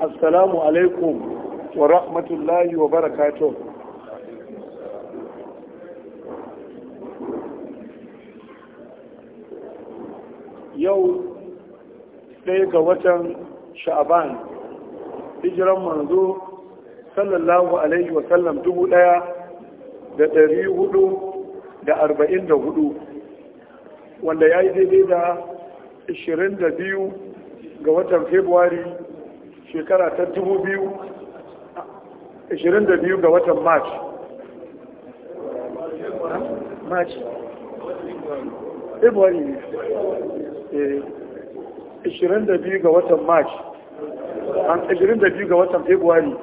assalamu alaikum wa rahmatullahi wa barakatuh yau ɗaya ga watan sha'aban hijiran manzo sallallahu alaihi wa sallam dubu ɗaya da ɗari hudu da arba'in da hudu wanda ya yi daidai da 22 ga watan februari shekara ta 2022 ga watan march march february 22 eh, ga watan march an 22 ga watan february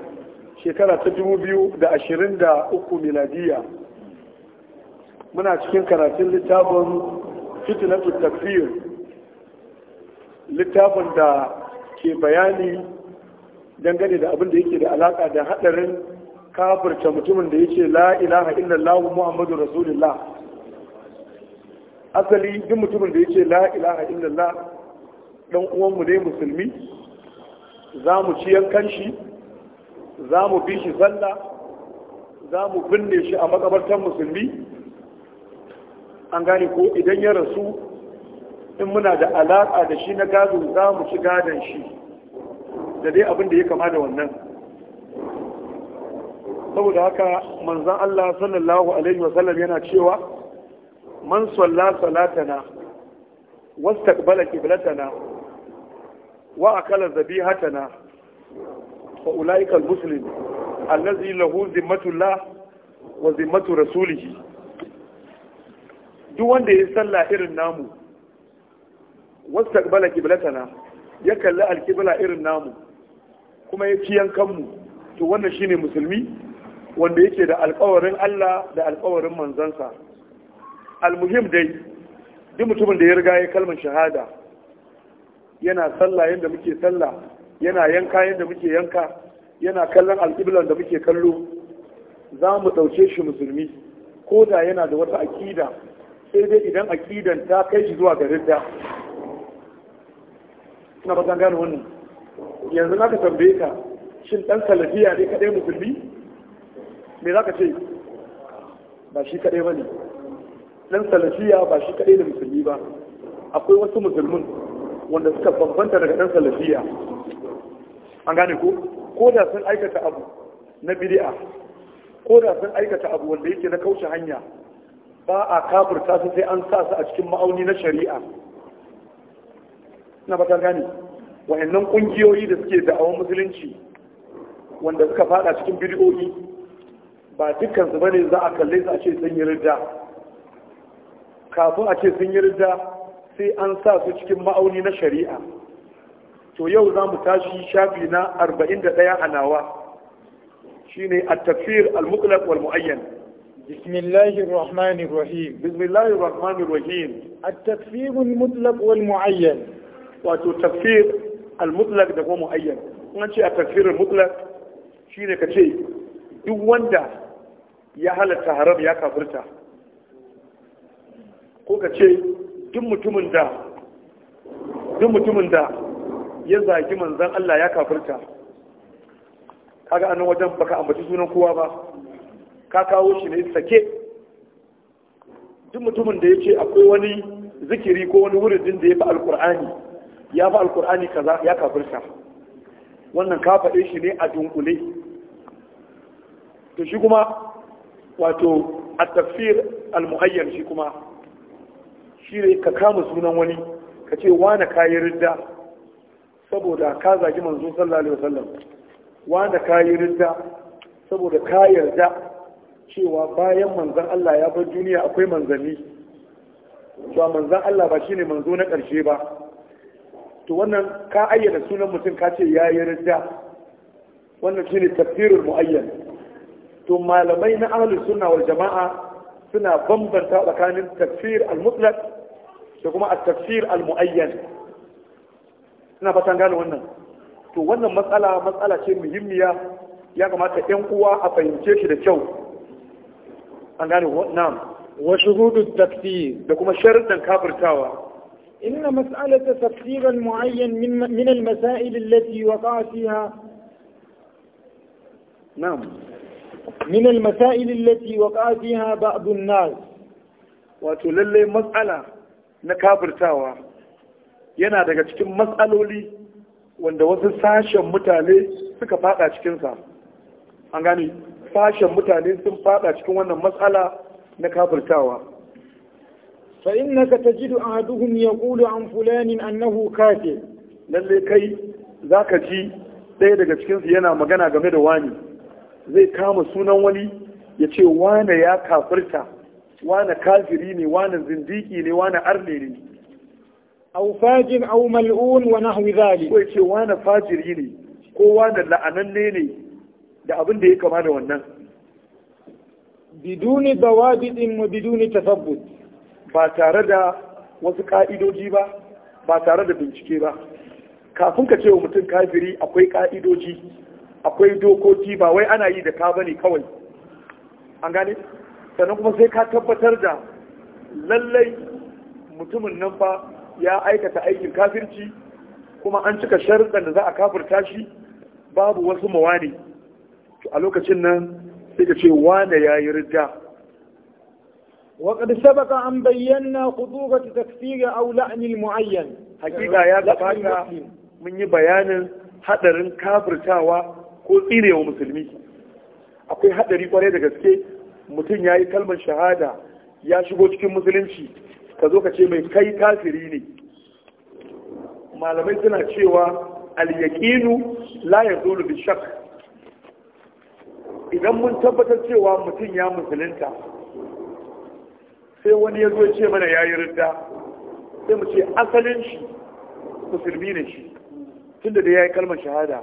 shekara ta 2023 miladiya muna cikin karatun littafin fitnatul takfir littafin da ke bayani dangane da abin da yake da alaka da hadarin kafirce mutumin da yake la ilaha illallah muhammadu rasulullah asali duk mutumin da yake la ilaha illallah dan uwanmu ne musulmi za ci yankan shi za bi shi zalla? za binne shi a makabartar musulmi an gane ko idan ya rasu in muna da alaƙa da shi na gado za mu ci gadon shi da dai abin da ya kama da wannan saboda haka manzan Allah sallallahu alaihi wasallam yana cewa man salla salatana wastaqbala qiblatana wa zabi hatana, fa ulaika musulun allazi lahu zimmatullah wa zimmatu rasulihi duk wanda ya salla irin namu wasu wastaqbala qiblatana ya kalli alqibla irin namu kuma ya ci yankanmu to wannan shine musulmi wanda yake da alkawarin Allah da alkawarin manzansa almuhim dai duk mutumin da ya riga ya kalmar shahada yana sallah yanda muke sallah yana yanka yanda muke yanka yana kallon alƙiblan da muke kallo za mu ɗauke shi musulmi ko da yana da wata aƙida sai dai idan aƙidan ta kai shi zuwa garin ridda ba gane wannan yanzu na ka tambaye ka shin dan salafiya ne kadai musulmi me zaka ce ba shi kadai bane dan salafiya ba shi kadai ne musulmi ba akwai wasu musulmin wanda suka bambanta daga dan salafiya an gane ko ko da sun aikata abu na bid'a ko da sun aikata abu wanda yake na kauce hanya ba a kafirta su sai an sa su a cikin ma'auni na shari'a na ba gane wayannan kungiyoyi da suke da'awar musulunci wanda suka fada cikin bidiyoyi ba dukkan su bane za a kalle su a ce sun yi ridda kafin a ce sun yi ridda sai an sa su cikin ma'auni na shari'a to yau za mu tashi shafi na 41 a nawa shine at-tafsir al-mutlaq wal muayyan بسم الله الرحمن الرحيم بسم الله الرحمن الرحيم التكفير المطلق والمعين وتكفير al-mutlaq da kuma muayyan in an ce a tafsirin mutlaq shine ka ce duk wanda ya halatta haram ya kafirta ko ka ce duk mutumin da duk mutumin da ya zagi manzon Allah ya kafirta kaga anan wajen baka ambaci sunan kowa ba ka kawo shi ne sake duk mutumin da ya ce akwai wani zikiri ko wani wurin da ya fi alkur'ani ya fi alkur'ani kaza ya kafirta wannan ka faɗe shi ne a dunkule to shi kuma wato a tafsir almuhayyar shi kuma shi ne ka kama sunan wani ka ce wane kayi ridda saboda ka zagi manzo sallallahu alaihi wasallam wane kayi ridda saboda ka yarda cewa bayan manzan Allah ya bar duniya akwai manzanni cewa manzan Allah ba shine manzo na ƙarshe ba to wannan ka ayyana sunan mutum ka ce ya yi ridda wannan shine tafsirin muayyan to malamai na ahlus sunna wal jama'a suna bambanta tsakanin tafsir al-mutlaq da kuma a tafsir al-muayyan ina fatan gane wannan to wannan matsala matsala ce muhimmiya ya kamata ƴan uwa a fahimce shi da kyau an gane wannan wa shuhudu tafsir da kuma sharuɗan kafirtawa إن مسألة تفسير معين من, من المسائل التي وقع فيها نعم من المسائل التي وقع فيها بعض الناس مسألة نكابر تاوى yana daga cikin matsaloli wanda wasu sashen mutane suka fada cikinsa an gani sashen mutane sun fada cikin wannan matsala na kafirtawa فإنك تجد أحدهم يقول عن فلان أنه كافر للي كي ذاك جي ɗaya daga cikinsu yana magana game da wani zai kama sunan wani ya ce wane ya kafirta wane kafiri ne wane zindiki ne wane arne ne aw fajir aw mal'un wa nahwi zalik ko ce wane fajiri ne ko wane la'ananne ne da abin da ya kama da wannan biduni dawabidin wa biduni tasabbut ba tare da wasu ka'idoji ba ba tare da bincike ba kafin ka ce wa mutum kafiri akwai ka'idoji akwai dokoki ba wai ana yi da ka bane kawai an gane sannan kuma sai ka tabbatar da lallai mutumin nan ba ya aikata aikin kafirci kuma an cika sharuɗan da za a kafirta shi babu wasu mawani a lokacin nan sai ka ce wane ya yi rida وقد سبق أن بينا خطورة تكفير أو لعن المعين حقيقة يا جماعة من بيان hadarin kafirtawa ko tsinewa musulmi akwai hadari kwarai da gaske mutum ya yi kalmar shahada ya shigo cikin musulunci kazo zo ka ce mai kai kafiri ne malamai suna cewa al-yaqinu la yazulu bi idan mun tabbatar cewa mutum ya musulunta sai wani ya zo ce mana yayi ridda sai mu ce asalin shi musulmi ne shi tunda da yayi kalmar shahada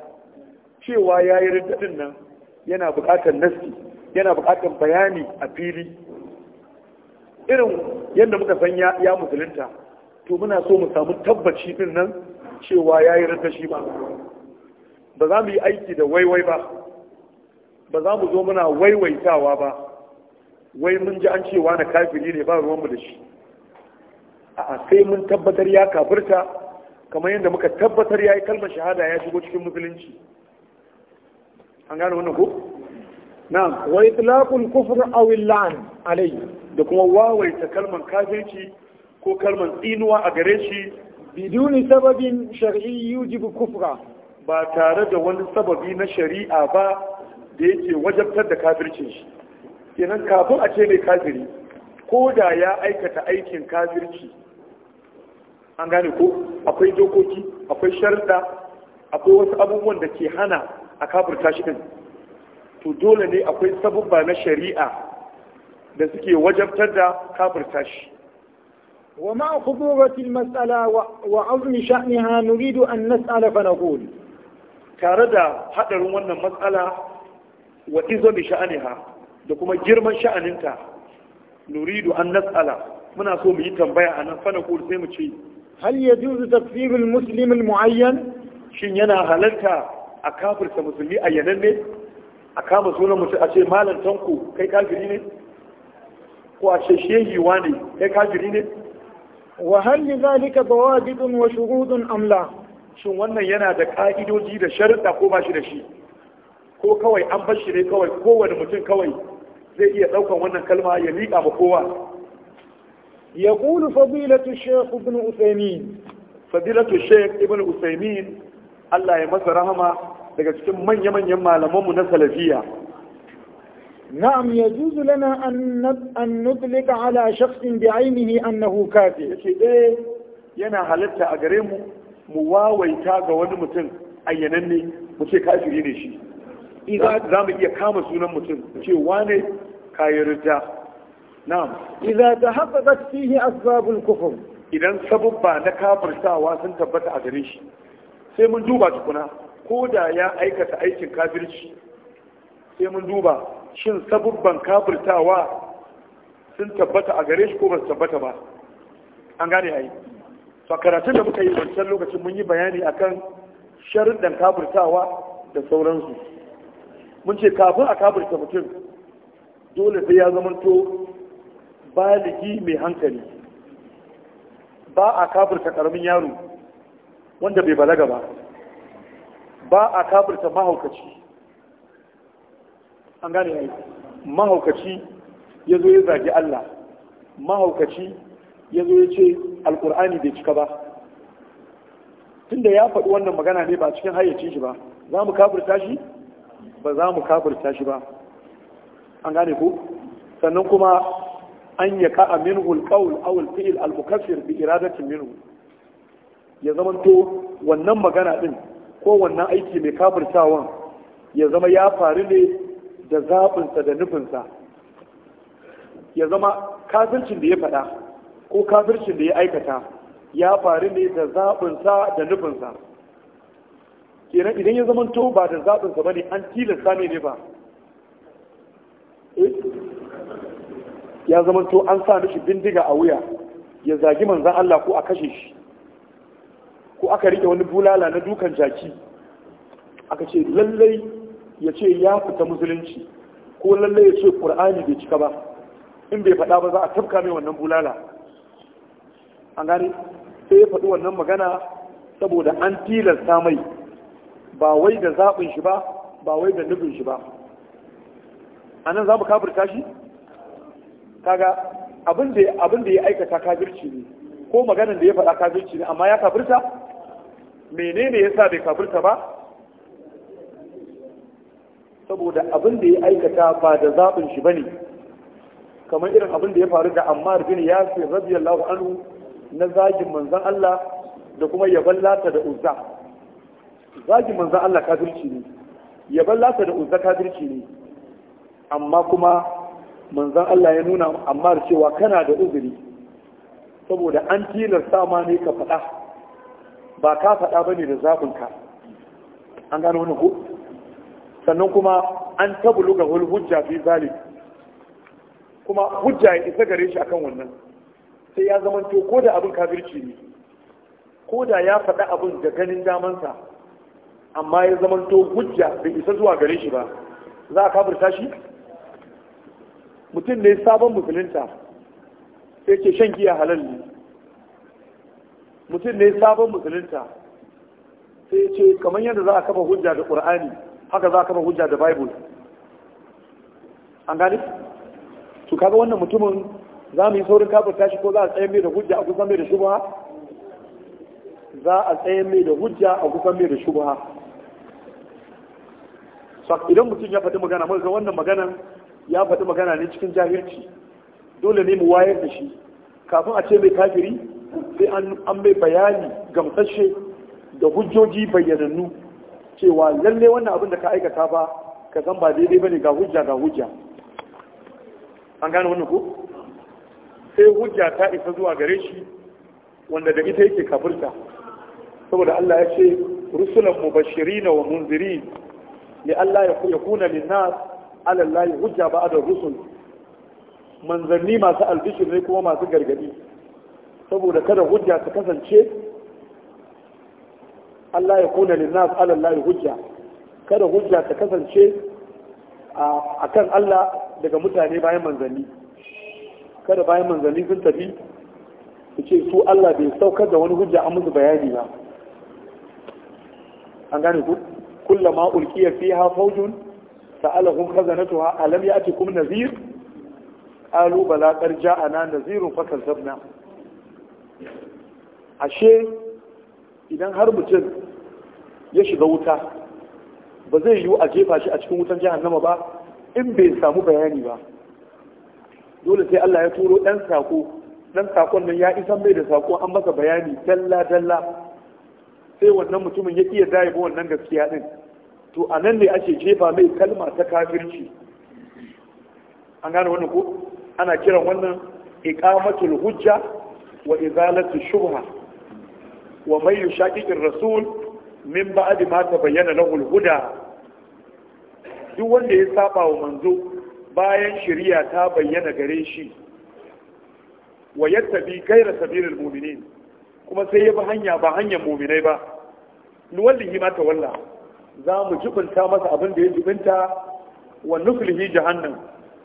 cewa yayi ridda din nan yana buƙatar naski yana buƙatar bayani a fili irin yadda muka san ya musulunta to muna so mu samu tabbaci din nan cewa yayi ridda shi ba ba za mu yi aiki da waiwai ba ba za mu zo muna waiwaitawa ba wai mun ji an cewa na kafiri ne ba ruwanmu da shi a sai mun tabbatar ya kafirta kamar yadda muka tabbatar ya yi kalmar shahada ya shigo cikin musulunci an gane wannan ko Na. wa itlaqul kufr aw al alai. da kuma wawaita kalmar kafirci ko kalmar tsinuwa a gare shi biduni sababin shar'i yujibu kufra ba tare da wani sababi na shari'a ba da yake wajabtar da kafircin shi kenan kafin a ce mai kafiri ko da ya aikata aikin kafirci an gane ko akwai dokoki akwai sharda akwai wasu abubuwan da ke hana a kafirta shi din to dole ne akwai sabubba na shari'a da suke wajabtar da kafirta shi ومع خطورة المسألة وعظم شأنها نريد أن نسأل فنقول تاردا حضر ون مسألة وإذن شأنها da kuma girman sha'aninta nuridu an nas'ala muna so mu yi tambaya a nan fana ko sai mu ce hal yajuzu tafsir al-muslim al-mu'ayyan shin yana halarta a kafirta musulmi a yanan ne a kama sunan mutum a ce malam tanko kai kafiri ne ko a ce shehi ne kai kafiri ne wa hal li zalika dawadidun wa shuhudun am la shin wannan yana da ka'idoji da sharuɗa ko ba shi da shi ko kawai an bar shi ne kawai kowane mutum kawai zai iya ɗaukan wannan kalma ya miƙa ma kowa Ya fadilatu فضيلة ibn ابن fadilatu فضيلة ibn usaimin Allah ya masa rahama daga cikin manya-manyan malamanmu na salafiya na'am ya juzu lana an nutlika ala shakhsin bi ainihi annahu kafir yace eh yana halatta a gare mu mu wawaita ga wani mutum ne, mu ce kafiri ne shi za mu iya kama sunan mutum mu ce wane kayi rija na'am idza tahaqqaqat fihi asbabul kufr idan sabubba na kafirtawa sun tabbata a gare shi sai mun duba tukuna ko da ya aikata aikin kafirci sai mun duba shin sabubban kafirtawa sun tabbata a gare shi ko ba su tabbata ba an gane ai to karatun da muka yi wancan lokacin mun yi bayani akan sharuɗan kafirtawa da sauransu mun ce kafin a kafirta mutum dole sai ya zamanto baligi mai hankali ba a kafirta karamin yaro wanda bai balaga ba ba a kafirta mahaukaci an gane ne mahaukaci ya zo ya zagi Allah mahaukaci ya zo ya ce alkur'ani bai cika ba tunda ya faɗi wannan magana ne ba cikin hayyacin shi ba za mu kafirta shi ba za mu kafirta shi ba an gane ku sannan kuma an ya ka'a minhu alqawl aw fi'il almukaffir bi iradatin minhu ya zama to wannan magana din ko wannan aiki mai kafirtawan ya zama ya faru ne da zaɓinsa da nufinsa ya zama kafircin da ya faɗa ko kafircin da ya aikata ya faru ne da zaɓinsa da nufinsa kenan idan ya zama to ba da zaɓinsa ba ne an tilasta ne ba ya zama to an sa mishi bindiga a wuya ya zagi manzan Allah ko a kashe shi ko aka rike wani bulala na dukan jaki aka ce lallai ya ce ya fita musulunci ko lallai ya ce ƙur'ani bai cika ba in bai faɗa ba za a tafka mai wannan bulala an gane sai ya faɗi wannan magana saboda an tilasta mai ba wai da zaɓin shi ba ba wai da nufin shi ba a nan za mu kafirta shi kaga abin da ya aikata kafirci ne ko maganin da ya faɗa kafirci ne amma ya kafirta menene ya sa bai kafirta ba saboda abin da ya aikata ba da zaɓin shi ba ne kamar irin abin da ya faru da ammar bin yasir radiyallahu anhu na zagin manzan Allah da kuma yaban lata da uzza zagin manzan Allah kafirci ne yaban lata da uzza kafirci ne amma kuma manzan Allah ya nuna amma da cewa kana da uzuri saboda an tilar sama ne ka faɗa ba ka faɗa ba ne da zaɓinka an gano wani ku sannan kuma an tabulu ga wani hujja fi zali kuma hujja ya isa gare shi akan wannan sai ya zama to ko da abin kafirci ne ko da ya faɗa abin da ganin damansa amma ya zama to hujja bai isa zuwa gare shi ba za a kafirta shi mutum ne sabon musulunta sai ce shan giya halal ne mutum ne sabon musulunta sai ce kamar yadda za a kafa hujja da ƙur'ani haka za a kafa hujja da bible an gani su kaga wannan mutumin za mu yi saurin kafin tashi ko za a tsaye mai da hujja a kusan mai da shubuha? za a tsaye mai da hujja a kusan mai da shubuha. idan mutum ya faɗi magana mai ga wannan maganan ya faɗi magana ne cikin jahilci dole ne mu wayar da shi kafin a ce mai kafiri sai an mai bayani gamsashe da hujjoji bayyanannu cewa lalle wannan abin da ka aikata ba ka san ba daidai bane ga hujja ga hujja an gane wannan ko sai hujja ta isa zuwa gare shi wanda da ita yake kafirta saboda Allah ya ce rusulan mubashirin wa munzirin li Allah ya kuna linnas alallahi hujja ba da rusul manzanni masu albishir ne kuma masu gargadi saboda kada hujja ta kasance Allah ya kuna linnas alallahi hujja kada hujja ta kasance a kan Allah daga mutane bayan manzanni kada bayan manzanni sun tafi su ce su Allah bai saukar da wani hujja an musu bayani ba an gane ku kullama ulkiya fiha fawjun sa'alahum khazanatuha alam ya'tikum nadhir qalu bala qad ja'ana nadhirun fakazzabna ashe idan har mutum ya shiga wuta ba zai yiwu a jefa shi a cikin wutan jahannama ba in bai samu bayani ba dole sai Allah ya turo ɗan sako ɗan sakon nan ya isa mai da sako an masa bayani dalla dalla sai wannan mutumin ya iya daye wannan gaskiya din to a nan ne ake jefa mai kalma ta kafirci an gane wani ko ana kiran wannan iqamatul hujja wa izalatu shubha wa man yushaqiqir rasul min ba'di ma tabayyana lahu al-huda duk wanda ya saba wa manzo bayan shari'a ta bayyana gare shi wa yattabi ghayra sabilil mu'minin kuma sai ya bi hanya ba hanyar mu'minai ba nuwallihi ma ta tawalla za mu jibinta masa abin da ya jibinta wa nufilhi Jahannan.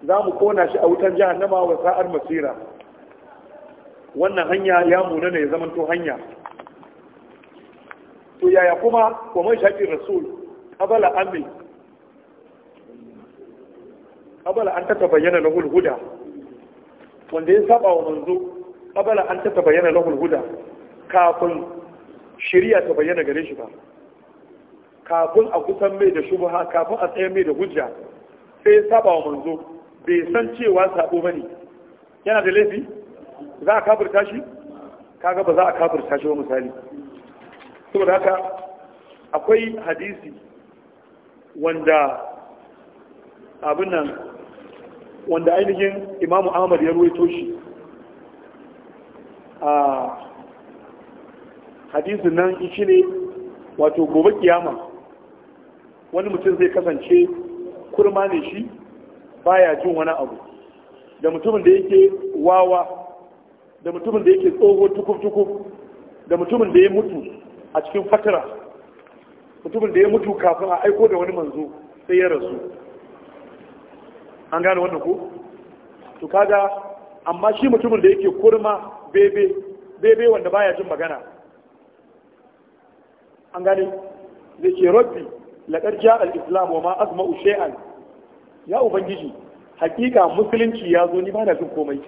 za mu kona shi a wutan jahannama wa sa'ar masira wannan hanya ya muna ne ya to hanya to yaya kuma wa man shaqi rasul qabala amri ƙabala an tata bayyana na hulhuda wanda ya saba wa manzo ƙabala an tata bayyana na hulhuda kafin shirya ta bayyana gare shi ba kafin a kusan mai da shubha kafin a tsaye mai da hujja sai ya saba wa manzo bai san cewa sabo bane yana da laifi za a kafirta shi kaga ba za a kafirta shi ba misali saboda haka akwai hadisi wanda abin nan wanda ainihin imamu ahmad ya ruwaito shi a hadisin nan shi ne wato gobe kiyama wani mutum zai kasance kurma ne shi baya jin wani abu da mutumin da yake wawa da mutumin da yake tsohon tukuf-tukuf da mutumin da ya mutu a cikin fatara mutumin da ya mutu kafin a aiko da wani manzo sai ya rasu an gane wannan ko to kaga amma shi mutumin da yake kurma bebe bebe wanda baya jin magana an gane zai ke rabbi laƙar ja al-islam wa ma asma'u shay'an ya ubangiji hakika musulunci ya zo ni ba na jin komai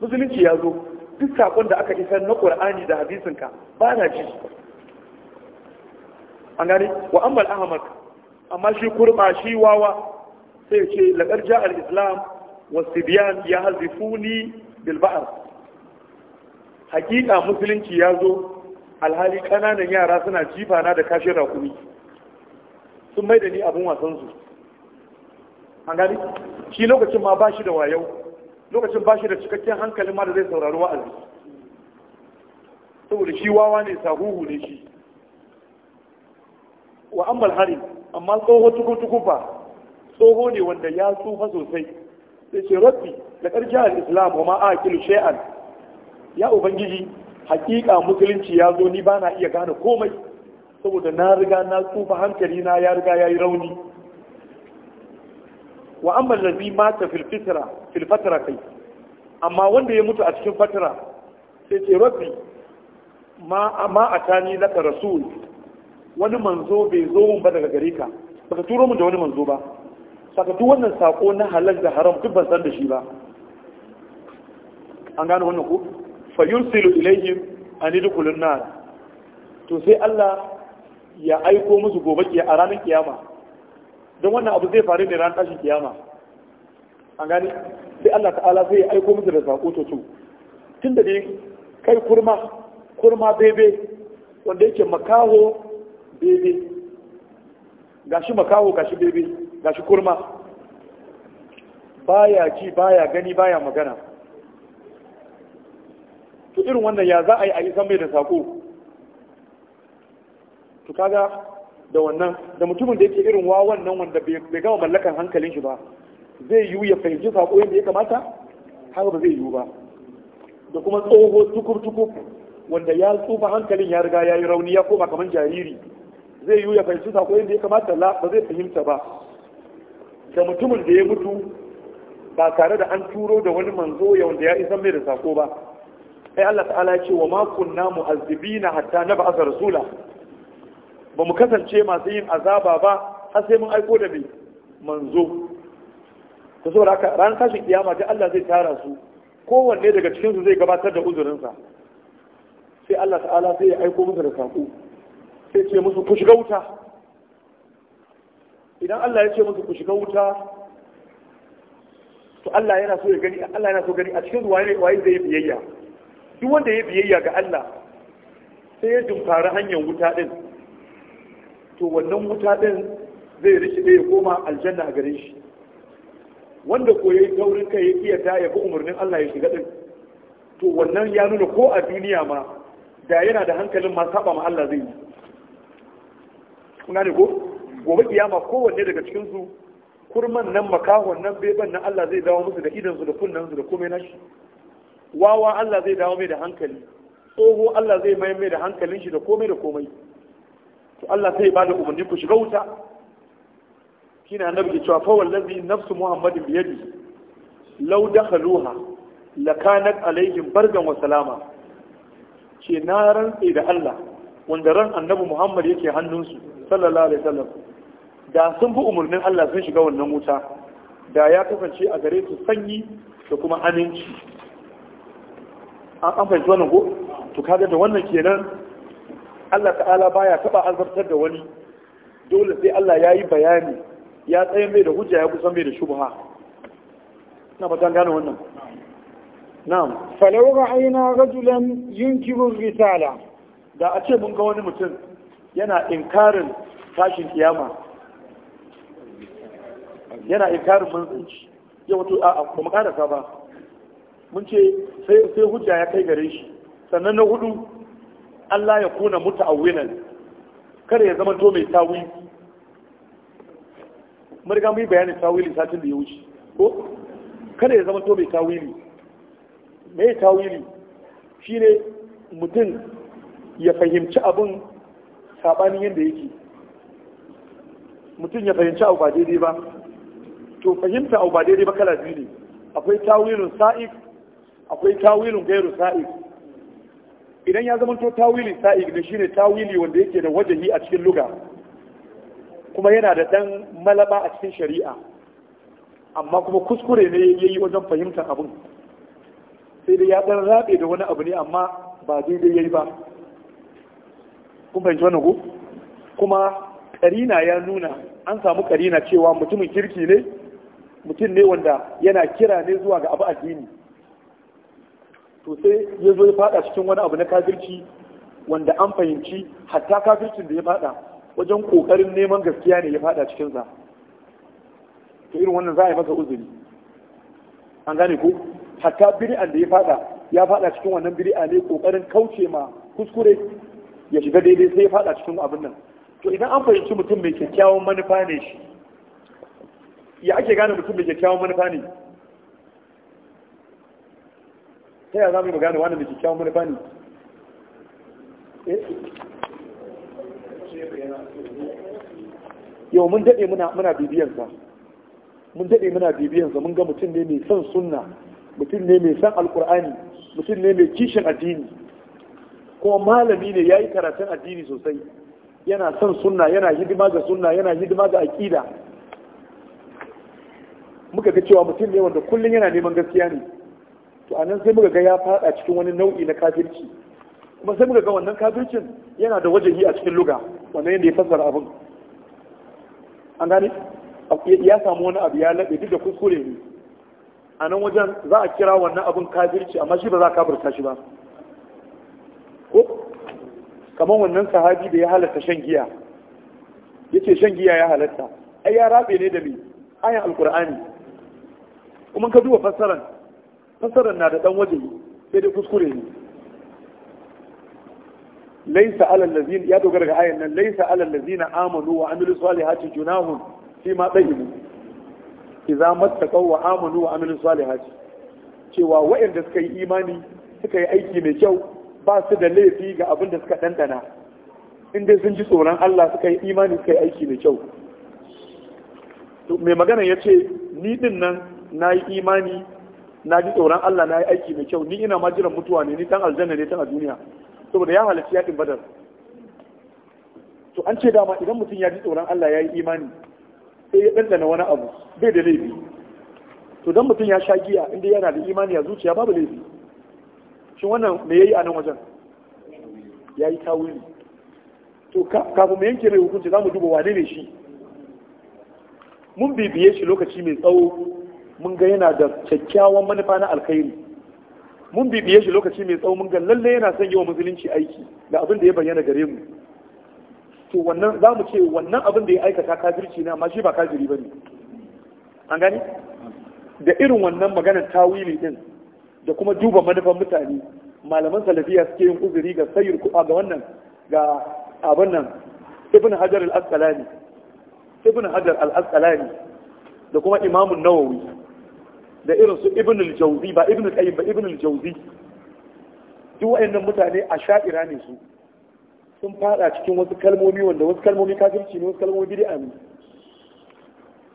musulunci ya zo duk sakon da aka isar na qur'ani da hadisinka ba na ji an gani wa ammal ahmad amma shi kurba shi wawa sai ya ce laƙar ja al-islam sibiyan ya yahzifuni ni bilba'ar. hakika musulunci ya zo alhali ƙananan yara suna jifa na da kashin rakumi sun mai da ni abin wasan su an gani shi lokacin ma ba shi da wayau lokacin ba shi da cikakken hankalin ma da zai saurari wa'azi saboda shi wawa ne sahuhu ne shi wa an hari amma tsoho tukutuku ba tsoho ne wanda ya tsufa sosai sai ce rabbi da al-islam wa ma aqilu shay'an ya ubangiji hakika musulunci ya zo ni bana iya gane komai saboda na riga na tsufa hankali na ya riga ya yi rauni wa amma lazi mata filfitra filfatra kai amma wanda ya mutu a cikin fatara sai ce rabbi ma ta ni laka rasul wani manzo bai zo mun ba daga gare ka ba ka turo mu da wani manzo ba saka duk wannan sako na halal da haram duk ban san da shi ba an gano wannan ku fa yursilu ilayhim an nar to sai Allah ya aiko musu gobe a ranar kiyama don wannan abu zai faru ne ranar tashin kiyama an gani sai Allah ta'ala zai aiko musu da sako to to tun da ne kai kurma kurma bebe wanda yake makaho bebe gashi makaho gashi bebe gashi kurma baya ji baya gani baya magana to irin wannan ya za a yi a isan mai da sako to kaga da wannan da mutumin da yake irin wawan nan wanda bai gama mallakan hankalin shi ba zai yiwu ya fahimci sako yadda ya kamata har ba zai yiwu ba da kuma tsoho tukur tukur wanda ya tsufa hankalin ya riga ya yi rauni ya koma kamar jariri zai yiwu ya fahimci sako yadda ya kamata la ba zai fahimta ba da mutumin da ya mutu ba tare da an turo da wani manzo ya wanda ya isa mai da sako ba ai Allah ta'ala ya ce wa ma kunna mu'azzibina hatta naba'a rasula ba mu kasance masu yin azaba ba har sai mun aiko da mai manzo ta so haka ran tashin kiyama ta Allah zai tara su kowanne daga cikinsu zai gabatar da uzurinsa sai Allah ta'ala sai ya aiko musu da saƙo sai ce musu ku shiga wuta idan Allah ya ce musu ku shiga wuta to Allah yana so ya gani Allah yana so gani a cikin waye waye zai biyayya duk wanda ya biyayya ga Allah sai ya dumfara hanyar wuta din to wannan wuta ɗin zai da ya koma aljanna a gare shi wanda ko yayi taurin kai ya iya ta ya bi umarnin Allah ya shiga din to wannan ya nuna ko a duniya ma da yana da hankalin ma saba ma Allah zai yi kuna ne ko gobe kiyama kowanne daga cikin su kurman nan makahon nan beban nan Allah zai dawo musu da idan su da kunnan su da komai nashi wawa Allah zai dawo mai da hankali tsoho Allah zai mai mai da hankalin shi da komai da komai to Allah sai ya bada umarni ku shiga wuta Kina annabi ke cewa fa wallazi nafsu muhammadin bi yadi law dakhaluha lakanat alaihim bargan wa salama ce na rantse da Allah wanda ran annabi Muhammad yake hannunsu sallallahu alaihi wasallam da sun bi umarnin Allah sun shiga wannan wuta da ya kasance a gare su sanyi da kuma aminci an fahimci wannan ko to kaga da wannan kenan Allah ta'ala baya taba azabtar da wani dole sai Allah ya yi bayani ya tsaye mai da hujja ya kusan mai da shubha na ba gane wannan na'am falau ra'ayna rajulan yunkiru risala da a ce mun ga wani mutum yana inkarin tashin kiyama yana inkarin manzanci ya wato a ba mu ka ba mun ce sai hujja ya kai gare shi sannan na hudu Allah ya kuna muta winan kada ya zama to mai tawili mun mai mun bayanin tawili satin da ya wuce ko kada ya zama to mai tawili me tawili shine mutum ya fahimci abin sabanin yadda yake mutum ya fahimci abu ba daidai ba to fahimta abu ba daidai ba kala biyu ne akwai tawilin sa'ik akwai tawilin gairu sa'ik idan ya zama to tawili sa'i ne shine tawili wanda yake da wajahi a cikin luga kuma yana da dan malaba a cikin shari'a amma kuma kuskure ne yayi wajen fahimtar abin sai dai ya dan rabe da wani abu ne amma ba dai yayi ba kun fahimci kuma karina ya nuna an samu karina cewa mutumin kirki ne mutum ne wanda yana kira ne zuwa ga abu addini to sai ya zo ya fada cikin wani abu na kafirci wanda an fahimci hatta kafircin da ya fada wajen kokarin neman gaskiya ne ya fada cikin sa to irin wannan za a yi masa uzuri an gane ko hatta bid'an da ya fada ya fada cikin wannan bid'a ne kokarin kauce ma kuskure ya shiga daidai sai ya fada cikin abin nan to idan an fahimci mutum mai kyakkyawan manufa ne shi ya ake gane mutum mai kyakkyawan manufa ne ta yaya za mu gane wani da kyakkyawan manufa ne eh? yau mun daɗe muna bibiyansa mun daɗe muna bibiyansa mun ga mutum ne mai son sunna mutum ne mai son alkur'ani mutum ne mai kishin addini kuma malami ne ya yi karatun addini sosai yana son sunna yana hidima ga sunna yana hidima ga aƙida muka ga cewa mutum ne wanda kullum yana neman gaskiya ne to anan sai muka ga ya fada cikin wani nau'i na kafirci kuma sai muka ga wannan kafircin yana da wajahi a cikin luga wannan yadda ya fassara abin an gane ya samu wani abu ya laɓe duk da kuskure ne a nan wajen za a kira wannan abin kafirci amma shi ba za a kafirta shi ba ko kamar wannan sahabi da ya halatta shan giya yace shan giya ya halatta ai ya rabe ne da me ayan alqur'ani kuma ka duba fassarar fasarar na da ɗan waje sai dai kuskure ne laisa ala lazina ya dogara ga ayan nan laisa ala lazina amanu wa amilu salihati junahun fi ma tsayibu idza mattaqaw wa amanu wa amilu salihati cewa wa'anda suka yi imani suka yi aiki mai kyau ba su da laifi ga abin da suka dandana in dai sun ji tsoron Allah suka yi imani suka yi aiki mai kyau mai magana ya ce ni din nan na yi imani na ji tsoron Allah na yi aiki mai kyau ni ina ma jiran mutuwa ne ni tan aljanna ne tan a duniya saboda ya halarci yakin badar to an ce dama idan mutum ya ji tsoron Allah ya yi imani sai ya dandana wani abu bai da laifi to dan mutum ya sha giya inda yana da imani a zuciya babu laifi shin wannan me yayi a nan wajen ya yi tawili to kafin mu yanke mai hukunci za mu duba wane ne shi mun bibiye shi lokaci mai tsawo mun ga yana da kyakkyawan manufa na alkhairi mun bibiye shi lokaci mai tsawo mun ga lalle yana son yi wa musulunci aiki da abin da ya bayyana gare mu to wannan za mu ce wannan abin da ya aikata kafirci na, amma shi ba kafiri ba ne an gani da irin wannan maganar tawili din da kuma duba manufan mutane malaman salafiya suke yin uzuri ga sayyid ga wannan ga abin nan ibn hajar al-asqalani ibn hajar al-asqalani da kuma imamun nawawi da irin su ibn al-jawzi ba ibn al-qayyim ba ibn al-jawzi duk wayannan mutane a sha'ira ne su sun fada cikin wasu kalmomi wanda wasu kalmomi kafirci ne wasu kalmomi bid'a ne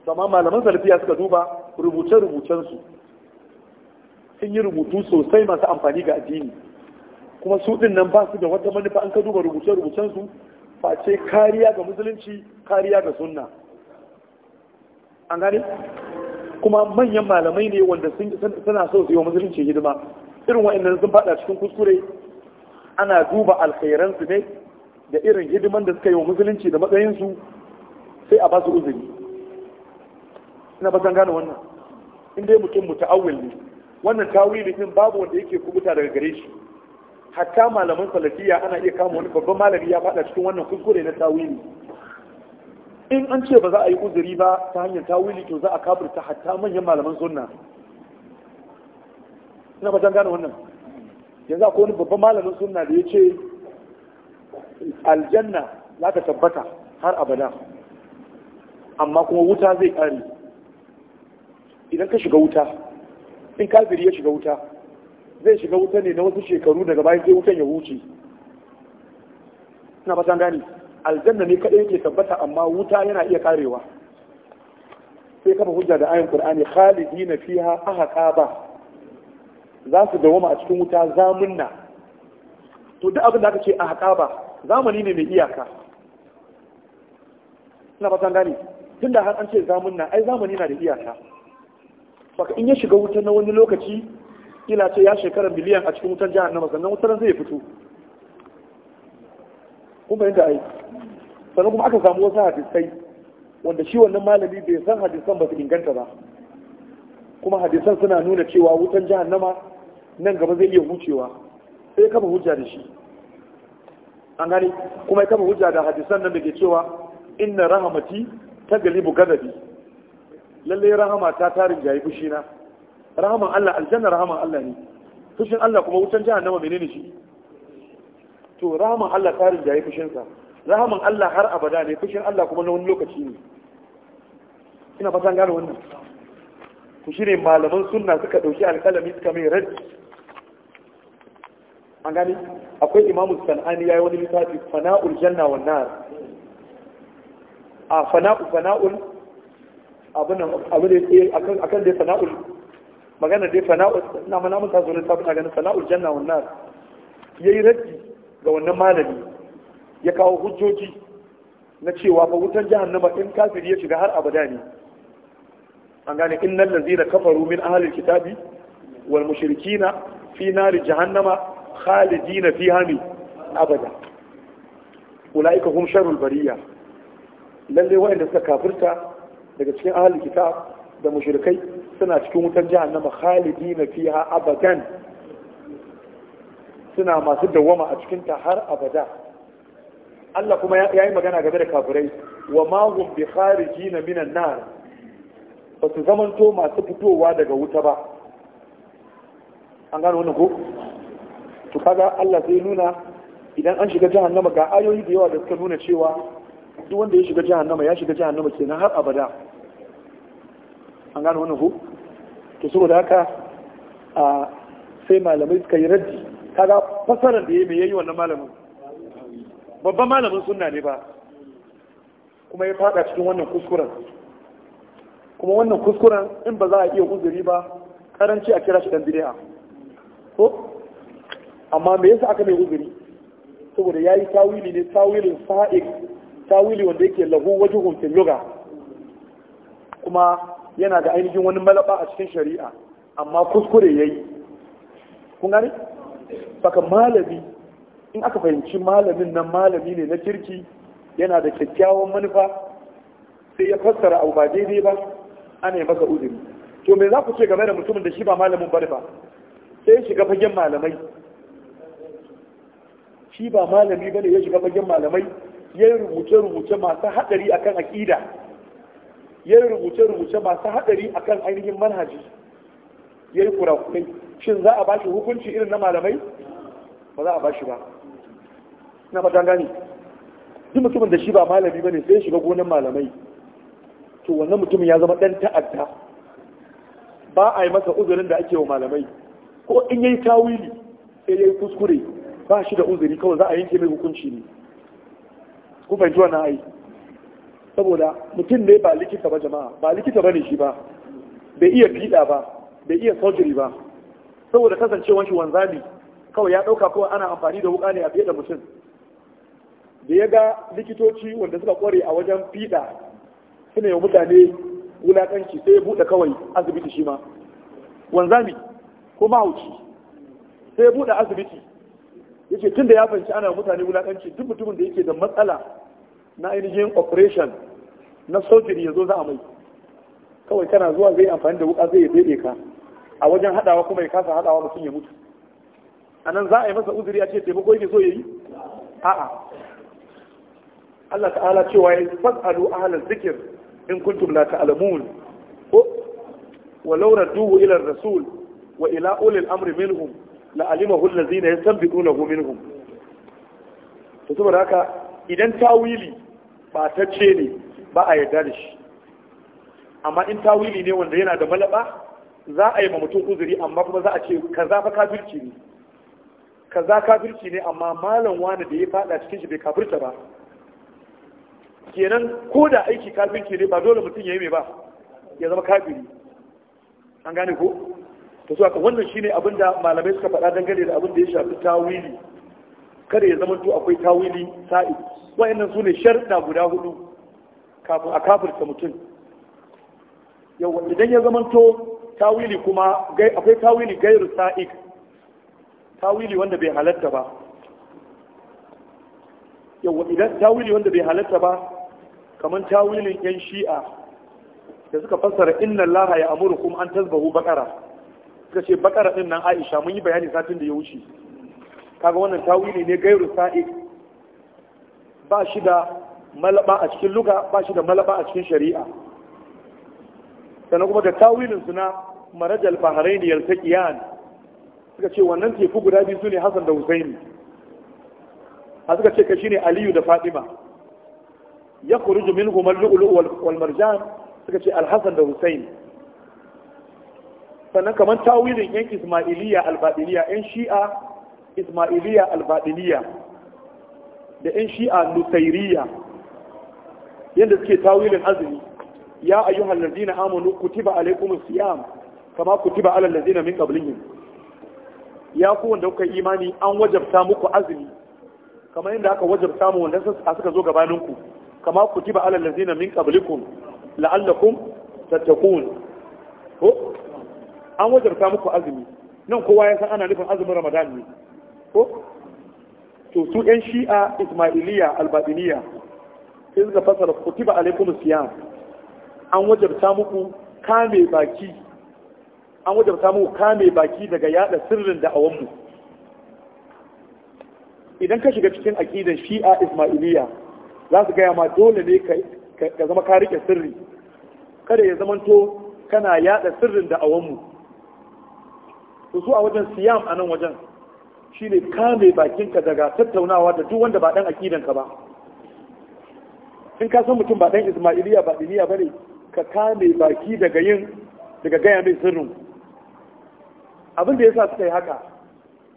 amma malaman salafiya suka duba rubuce-rubucen su sun yi rubutu sosai masu amfani ga addini kuma su din nan ba su da wata manufa an ka duba rubuce-rubucen su face kariya ga musulunci kariya ga sunna an gane kuma manyan malamai ne wanda suna so su yi wa musulunci hidima irin wa'annan sun faɗa cikin kuskure ana duba alkhairansu ne da irin hidiman da suka yi wa musulunci da matsayinsu sai a ba su uzuri ina ba gane wannan in dai mutum muta'awwil ne wannan tawili din babu wanda yake kubuta daga gare shi hatta malaman salafiya ana iya kama wani babban malami ya faɗa cikin wannan kuskure na tawili in an ce ba za a yi uzuri ba ta hanyar ta wili to za a kafirta hatta manyan malaman sunna na ba gane wannan yanzu akwai wani babban malamin sunna da ya ce aljanna za ta tabbata har abada amma kuma wuta zai kare. idan ka shiga wuta in kafiri ya shiga wuta zai shiga wuta ne na wasu shekaru daga bayan sai wutan ya huce na ba gane aljanna ne kadai yake tabbata amma wuta yana iya karewa sai kafa hujja da ayin qur'ani khalidina fiha ahqaba za su dawoma a cikin wuta zamunna to duk abin da aka ce ahqaba zamani ne mai iyaka ina fatan gani tunda har an ce zamunna ai zamani na da iyaka baka in ya shiga wuta na wani lokaci ila ce ya shekara miliyan a cikin wutan jihar na sannan wutar zai fito kun da ai sannan kuma aka samu wasu hadisai wanda shi wannan malami bai san hadisan ba su inganta ba kuma hadisan suna nuna cewa wutan jahannama nan gaba zai iya wucewa sai ya kama hujja da shi an gani kuma ya kama hujja da hadisan nan da ke cewa inna rahamati ta galibu gadabi lallai rahama ta tarin jayi fushina rahaman Allah aljanna rahaman Allah ne fushin Allah kuma wutan jahannama menene shi to rahaman Allah tarin fi fushinsa rahaman Allah har abada ne fushin Allah kuma na wani lokaci ne ina fatan gane wannan ku shine malaman sunna suka dauki alkalami suka mai raddi an gani akwai imamu sanani yayi wani littafi fana'ul janna wan nar a fana'u fana'ul abin abin da akan akan da fana'ul magana dai fana'ul na mana mun ta zo ne ta ganin fana'ul janna wan nar yayi raddi ga wannan malami ya kawo hujjoji na cewa ba wutan jahannama in kafiri ya shiga har abada ne an gane innal ladzina kafaru min ahlil kitabi wal mushrikina fi nari jahannama khalidina fiha min abada ulaika hum bariya lalle wa'anda suka kafirta daga cikin ahlul kitab da mushrikai suna cikin wutar jahannama khalidina fiha abadan suna masu dawama a cikinta har abada Allah kuma ya yi magana game da kafirai wa mahum bi kharijina minan nar ba su zamanto masu fitowa daga wuta ba an gano wannan ko to kaga Allah sai nuna idan an shiga jahannama ga ayoyi da yawa da suka nuna cewa duk wanda ya shiga jahannama ya shiga jahannama kenan har abada an gano wannan ko to saboda haka sai malamai suka yi raddi kaga fasarar da ya mai yayi wannan malamin babban malamin sunna ne ba kuma ya fada cikin wannan kuskuren kuma wannan kuskuren in ba za a iya uzuri ba karanci a kira shi dan bid'a ko amma me yasa aka mai uzuri saboda yayi tawili ne tawilin sa'ik tawili wanda yake lahu wajhun fil lugha kuma yana da ainihin wani malaba a cikin shari'a amma kuskure yayi kun gani Faka malami in aka fahimci malamin nan malami ne na kirki yana da kyakkyawan manufa sai ya fassara abu ba daidai ba ana yi masa uzuri to me za ku ce game da mutumin da shi ba malamin ba ba sai ya shiga fagen malamai shi ba malami ne ya shiga fagen malamai ya yi rubuce-rubuce masu haɗari akan aƙida ya yi rubuce-rubuce masu haɗari akan ainihin manhaji ya yi kurakurai shin za a ba shi hukunci irin na malamai ba za a shi ba ina ba gani duk mutumin da shi ba malami ba ne sai ya shiga gonan malamai to wannan mutumin ya zama ɗan ta'adda ba a yi masa uzurin da ake wa malamai ko in yayi tawili sai yayi kuskure ba shi da uzuri kawai za a yanke mai hukunci ne ku fahimci wannan ai saboda mutum ne ba likita ba jama'a ba likita bane shi ba bai iya fiɗa ba bai iya sojiri ba saboda kasancewar shi wanzami kawai ya ɗauka kawai ana amfani da wuƙa ne a fiye da mutum da ya ga likitoci wanda suka kware a wajen fiɗa suna yi mutane wulaƙanci sai ya buɗe kawai asibiti shi ma wanzami ko mahauci sai ya buɗe asibiti ya ce tun da ya fahimci ana mutane wulaƙanci duk mutumin da yake da matsala na ainihin operation na surgery ya zo za a mai kawai kana zuwa zai amfani da wuƙa zai ya daidai ka a wajen haɗawa kuma ya kasa haɗawa mutum ya mutu a nan za a yi masa uzuri a ce taimako yake so ya yi a'a Allah ta'ala cewa ya fas'alu ahlal zikir in kuntum la ta'lamun ko walau radduhu ila rasul wa ila ulil amri minhum la alimahu allazina yastanbiqunahu minhum to saboda haka idan tawili ba ta ce ne ba a yarda da shi amma in tawili ne wanda yana da malaba za a yi ma mutum uzuri amma kuma za a ce kaza fa kafirci ne kaza kafirci ne amma malam wani da ya fada cikin shi bai kafirta ba kenan ko da aiki kafirci ne ba dole mutum ya yi mai ba ya zama kafiri an gane ko Ta su aka wannan shine abin da malamai suka faɗa dangane da abin da ya shafi tawili kada ya zama to akwai tawili sa'i wayannan su ne sharɗa guda hudu kafin a kafirta mutum yau idan ya zama to tawili kuma akwai tawili gairu sa'i tawili wanda bai halatta ba yawa idan tawili wanda bai halatta ba kamar tawilin yan shi'a da suka fassara inna allaha ya amuru kuma an tasbahu bakara suka ce bakara din nan aisha mun yi bayani satin da ya wuce kaga wannan tawili ne gairu sa'i ba shi da malaba a cikin luga ba shi da malaba a cikin shari'a sannan kuma da tawilin suna marajal bahrain yaltaqiyan suka ce wannan teku guda biyu su ne hassan da husaini a suka ce ka shi ne aliyu da fatima ya kuruju min humar lu'ulu wal marjan suka ce alhassan da husaini sannan kamar tawilin yan ismailiya albadiliya yan shi'a ismailiya albadiliya da yan shi'a nusairiya yadda suke tawilin azumi ya ayyuhal ladina amanu kutiba alaikumus siyam kama kutiba alal ladina min qablihim ya ku wanda kuka imani an wajabta muku azumi kamar inda aka wajabta mu wanda suka zo gabaninku kama tiba alal ladina min qablikum la'allakum tattaqun ko an wajabta muku azumi nan kowa ya san ana nufin azumin Ramadan ne ko to su ɗan shi'a ismailiya albadiniya sai suka fasara kutiba alaikum siyam an wajabta muku kame baki an wajabta mu kame baki daga yada sirrin da'awanmu idan ka shiga cikin aqidan shi'a ismailiya za su gaya ma dole ne ka zama ka rike sirri kada ya zamanto kana yada sirrin da'awanmu to su a wajen siyam a nan wajen shine kame bakinka daga tattaunawa da duk wanda ba dan aqidanka ba in ka san mutum ba dan ismailiya ba ba ne ka kame baki daga yin daga gaya mai sirrin abin da sa suka yi haka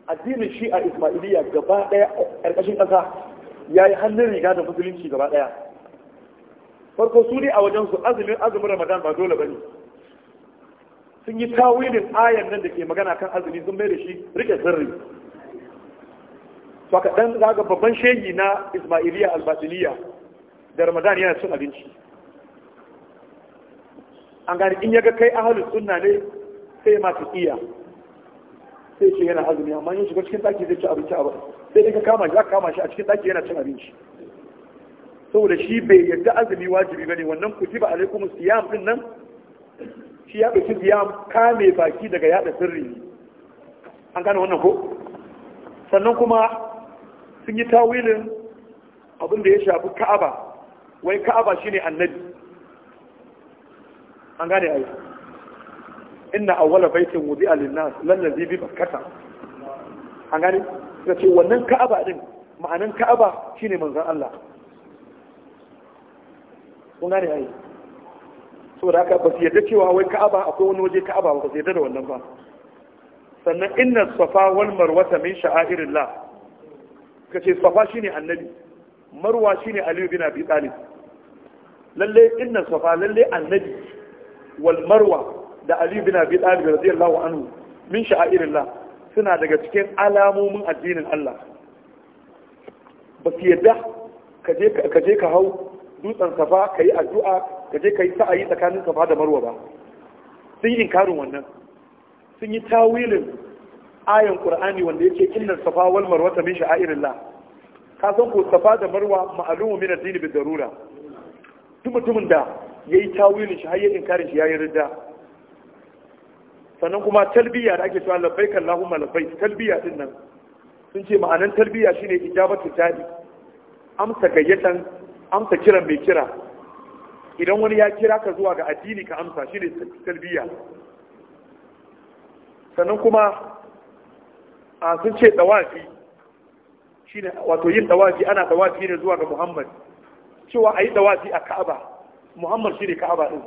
addinin shi a ismailiyya gaba daya ƙarƙashin ƙasa ya yi hannun riga da musulunci gaba daya farko su ne a wajen su azumin azumin ramadan ba dole ba ne. sun yi tawilin ayan nan da ke magana kan azumi sun mai da shi rike sirri to aka dan zaga babban shehi na ismailiyya albatiliya da ramadan yana cin abinci an gani in ya ga kai ahalus sunna ne sai ma iya sai ke yana azumi amma yin shiga cikin daki zai ci abinci a sai dai ka kama shi za ka kama shi a cikin daki yana cin abinci saboda shi bai yadda azumi wajibi bane wannan kutiba alaikum siyam din nan shi ya ɗauki siyam kame baki daga yada sirri an gane wannan ko sannan kuma sun yi tawilin abin da ya shafi ka'aba wai ka'aba shine annabi an gane ayi. inna awala baitin wudi'a lin-nas lallazi bi bakkata A gani suka ce wannan ka'aba din ma'anin ka'aba shi ne manzon Allah kun gane ai saboda haka ba su yadda cewa wai ka'aba akwai wani waje ka'aba ba su yadda da wannan ba sannan inna safa wal marwata min sha'airillah kace safa shine annabi marwa shine Aliyu, bin abi talib lalle inna safa lalle annabi wal marwa da Ali bin Abi Talib radiyallahu anhu min sha'irillah suna daga cikin alamomin addinin Allah ba su yadda ka je ka hau dutsen safa ka yi addu'a ka je ka yi sa'ayi tsakanin safa da marwa ba sun yi inkarin wannan sun yi tawilin ayan qur'ani wanda yake inna safa wal marwa min sha'irillah ka san ko safa da marwa ma'lumu min addini bi darura duk mutumin da yayi tawilin shi har ya inkarin shi yayin ridda sannan kuma talbiya da ake cewa labbaik Allahumma labbaik talbiya din nan sun ce ma'anan talbiya shine ijabatu tadi amsa gayyatan amsa kiran mai kira idan wani ya kira ka zuwa ga addini ka amsa shine talbiya sannan kuma a sun ce dawafi shine wato yin dawafi ana dawafi ne zuwa ga Muhammad cewa ayi dawafi a Ka'aba Muhammad shine Ka'aba din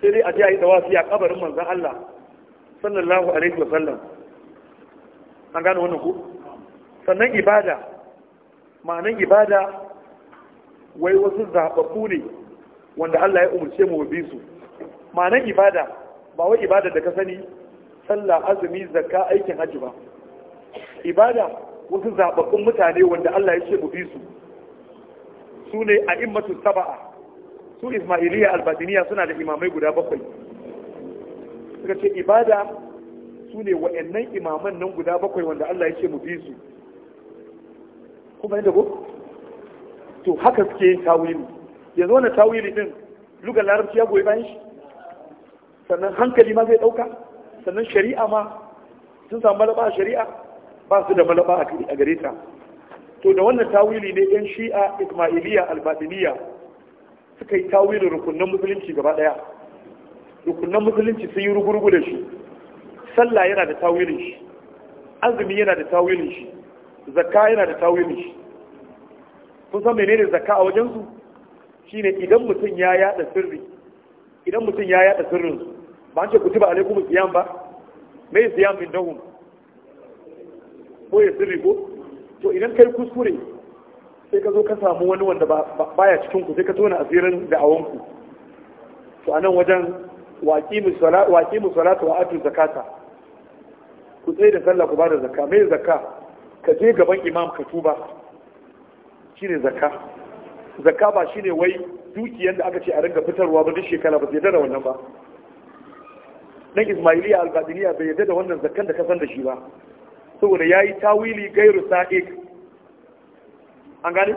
sai dai a je ayi dawafi a kabarin manzon Allah sallallahu alaihi wa sallam an gano wannan ku sannan ibada ma'anan ibada wai wasu zaɓaɓɓu ne wanda Allah ya umarce mu bi su ma'anan ibada ba wai ibada da ka sani sallah azumi zakka aikin hajji ba ibada wasu zaɓaɓɓun mutane wanda Allah ya ce mu bi su su ne a immatu saba'a su ismailiya albatiniya suna da imamai guda bakwai suka ce ibada su ne wa'annan imaman nan guda bakwai wanda Allah ya ce mu bi su kuma yadda ko to haka suke yin tawili yanzu wannan tawili din lugar larabci ya goyi bayan shi sannan hankali ma zai ɗauka, sannan shari'a ma sun samu malaba a shari'a ba su da malaba a gare ta to da wannan tawili ne yan shi'a ismailiya albadiliya suka yi tawilin rukunin musulunci gaba ɗaya. rukunan musulunci sun yi rugurugu da shi sallah yana da tawilin shi azumi yana da tawilin shi zakka yana da tawilin shi kun san menene zakka a wajen su shine idan mutum ya yada sirri idan mutum ya yada sirrin su ba an ce kutuba alaikum siyam ba me siyam min dahum ko ya sirri ko to idan kai kuskure sai ka zo ka samu wani wanda baya cikin ku sai ka tona asirin da'awanku to anan wajen waqimu salatu wa atu zakata ku tsaye da sallah ku bada zakka mai zakka ka je gaban imam ka tuba shine zakka zakka ba shine wai dukiyar da aka ce a ringa fitarwa ba duk shekara ba zai da wannan ba dan Ismailiya al bai yadda da wannan zakkan da ka san da shi ba saboda yayi tawili gairu sa'id an gane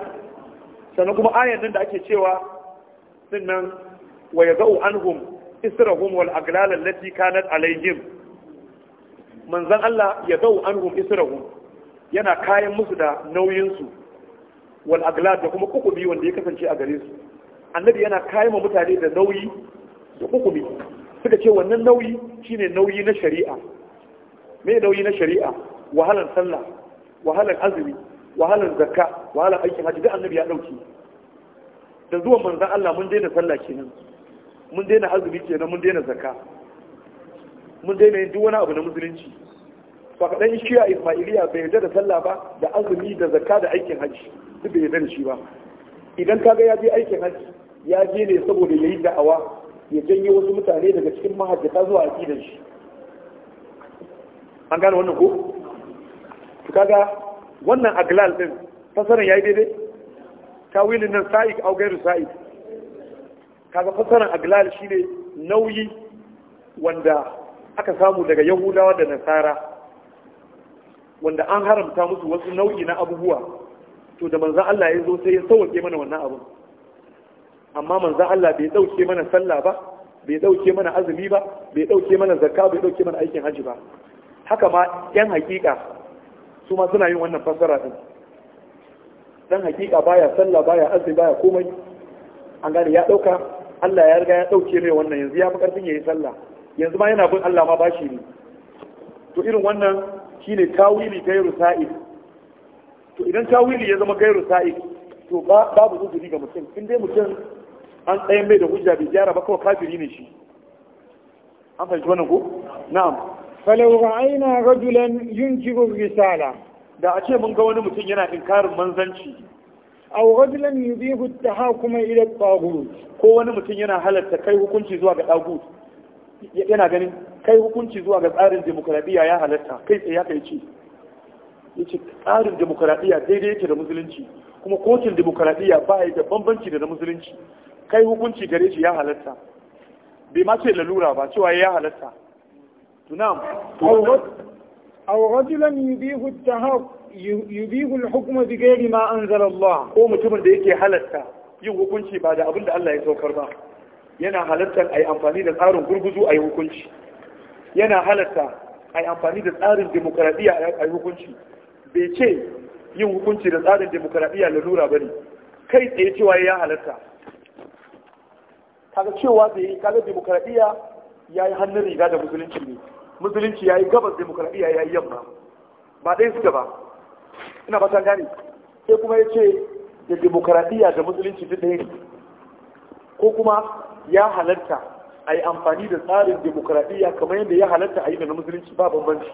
sannan kuma ayan nan da ake cewa sannan wa yazau anhum israhum wal aglal allati kanat alayhim manzan Allah ya dau anhum israhum yana kayan musu da nauyin su wal aglal da kuma kukubi wanda ya kasance a gare su annabi yana kayan mutane da nauyi da kukubi suka ce wannan nauyi shine nauyi na shari'a me nauyi na shari'a wahalan sallah wahalan azumi wahalan zakka wahalan aikin hajji da annabi ya dauke da zuwa manzan Allah mun daina sallah kenan mun daina azumi kenan mun daina zakka mun daina yin duk abu na musulunci ba kaɗan shiya ismailiya bai yarda da sallah ba da azumi da zakka da aikin hajji duk bai da shi ba idan kaga ya je aikin hajji ya je ne saboda yayi da'awa ya janye wasu mutane daga cikin mahajjata zuwa aqidan shi an gane wannan ko to kaga wannan aglal din fasarin yayi daidai tawilin nan sa'ik au gairu sa'ik kaga fasaran aglal shine nauyi wanda aka samu daga yahudawa da nasara wanda an haramta musu wasu nau'i na abubuwa to da manzan Allah ya zo sai ya sauke mana wannan abu amma manzan Allah bai dauke mana sallah ba bai dauke mana azumi ba bai dauke mana zakka bai dauke mana aikin haji ba haka ma yan hakika su ma suna yin wannan fassara din dan hakika baya sallah baya azumi baya komai an gane ya dauka Allah ya riga ya dauke mai wannan yanzu ya fi karfin yayin sallah yanzu ma yana bin Allah ma bashi ne to irin wannan shine tawili gairu sa'id to idan tawili ya zama gairu sa'id to babu uzuri ga mutum in dai mutum an tsayin mai da hujja bai gyara ba kawai kafiri ne shi an fahimci wannan ko na'am falau ra'ayna rajulan yunkiru risala da a ce mun ga wani mutum yana inkarin manzanci aw rajulan yubihu at-tahakuma ila at-taghut ko wani mutum yana halatta kai hukunci zuwa ga tagut yana ganin kai hukunci zuwa ga tsarin demokradiya ya halatta kai tsaye kai ce yace tsarin demokradiya daidai yake da musulunci kuma kotun demokradiya ba ya da bambanci da musulunci kai hukunci gare shi ya halatta bai ma ce lalura ba cewa ya halatta tunam aw rajulan yubihu at-tahakuma al-hukma bi ghairi ma anzala Allah ko mutumin da yake halatta yin hukunci ba da abin da Allah ya saukar ba yana halatta ai amfani da tsarin gurguzu ai hukunci yana halatta ai amfani da tsarin demokradiya ai hukunci bai ce yin hukunci da tsarin demokradiya lura bane kai tsaye cewa ya halatta kaga cewa da yi kaga demokradiya ya yi hannun riga da musulunci ne musulunci ya yi gabas demokradiya ya yi yamma ba ɗaya suka ba ina ba gani sai kuma ya ce da demokaradiyya da musulunci duk ɗaya ne ko kuma ya halatta a yi amfani da tsarin demokaradiyya kamar yadda ya halatta a yi da musulunci ba bambanci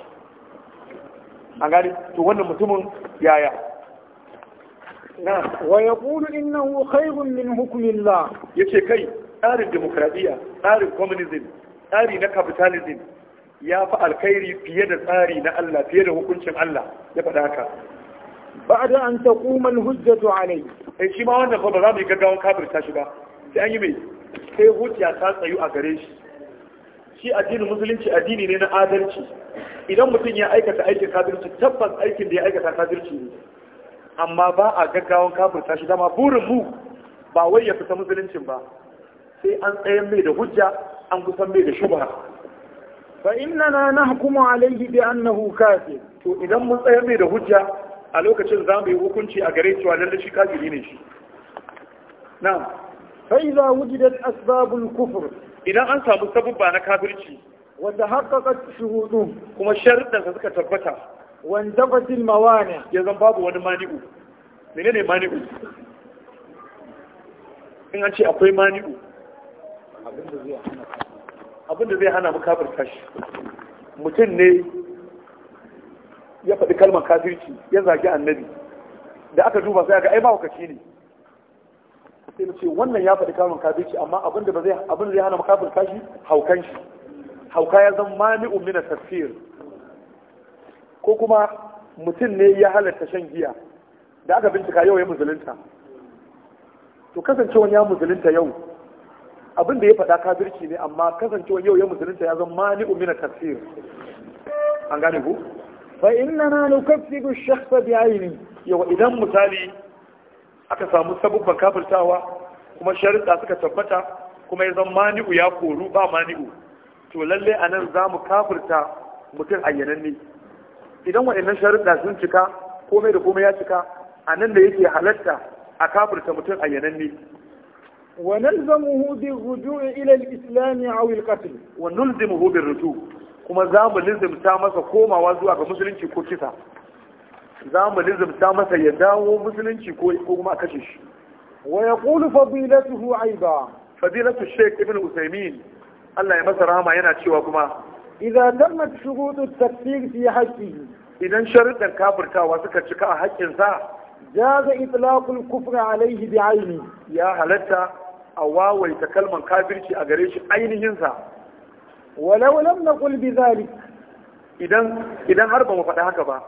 A gani to wannan mutumin yaya na wa inna hu khairun min Ya yace kai tsarin demokaradiyya tsarin communism tsari na capitalism ya fi alkhairi fiye da tsari na Allah fiye da hukuncin Allah ya faɗa haka ba'da an taquma al-hujjatu alayhi eh shi ma wannan fa ba za mu ga gawan kafirta shi ba sai an yi mai sai hujja ta tsayu a gare shi shi addinin musulunci addini ne na adalci idan mutum ya aikata aikin kafirci tabbas aikin da ya aikata kafirci ne amma ba a gaggawan ta shi dama burin mu ba wai ya fita musuluncin ba sai an tsayan mai da hujja an kusan mai da shubha fa innana nahkumu alayhi bi annahu kafir to idan mun tsayar mai da hujja a lokacin za mu yi hukunci a gare cewa lalle shi kafiri ne shi na'am fa idza wujidat asbabul kufr idan an samu sabubba na kafirci wanda haqqaqat shuhudu kuma sharuɗan sa suka tabbata wanda batil mawani ya zan babu wani mani'u menene mani'u in an ce akwai mani'u abinda zai hana abinda zai hana mu kafirta shi mutum ne ya faɗi kalmar kafirci ya zagi annabi da aka duba sai ga ai ba wakaci ne sai mu ce wannan ya faɗi kalmar kafirci amma abinda ba zai abinda zai hana mu kafirta shi haukan shi hauka ya zama mani'un min tafsir ko kuma mutum ne ya halarta shan giya da aka bincika yau ya musulunta to kasancewa ya musulunta yau abin da ya faɗa kafirci ne amma kasancewar yau ya musulunta ya zama mani umina tafsir an gane ku fa inna na nukaffiru shakhsa bi ne. yau idan misali aka samu sabubban kafirtawa kuma sharuɗa suka tabbata kuma ya zama mani'u ya koru ba mani'u to lalle a nan za mu kafirta mutum ne idan waɗannan sharuɗa sun cika komai da komai ya cika a nan da yake halatta a kafirta mutum ne ونلزمه بالرجوع إلى الإسلام أو القتل ونلزمه بالرجوع كما زام لزم تامس كوما وزوا كمسلم كو كيسا زام لزم تامس يداو مسلم كو كما كشش ويقول فضيلته أيضا فضيلة الشيخ ابن عثيمين الله يمسر هما ينا تشوى كما إذا تمت شروط التكفير في حقه إذا شرط الكافر كاوا سكتشكا حق إنسان جاز إطلاق الكفر عليه بعينه يا هلتا a wawaita kalman kafirci a gare shi ainihinsa walau lam naqul bi zalik idan idan har ba mu faɗa haka ba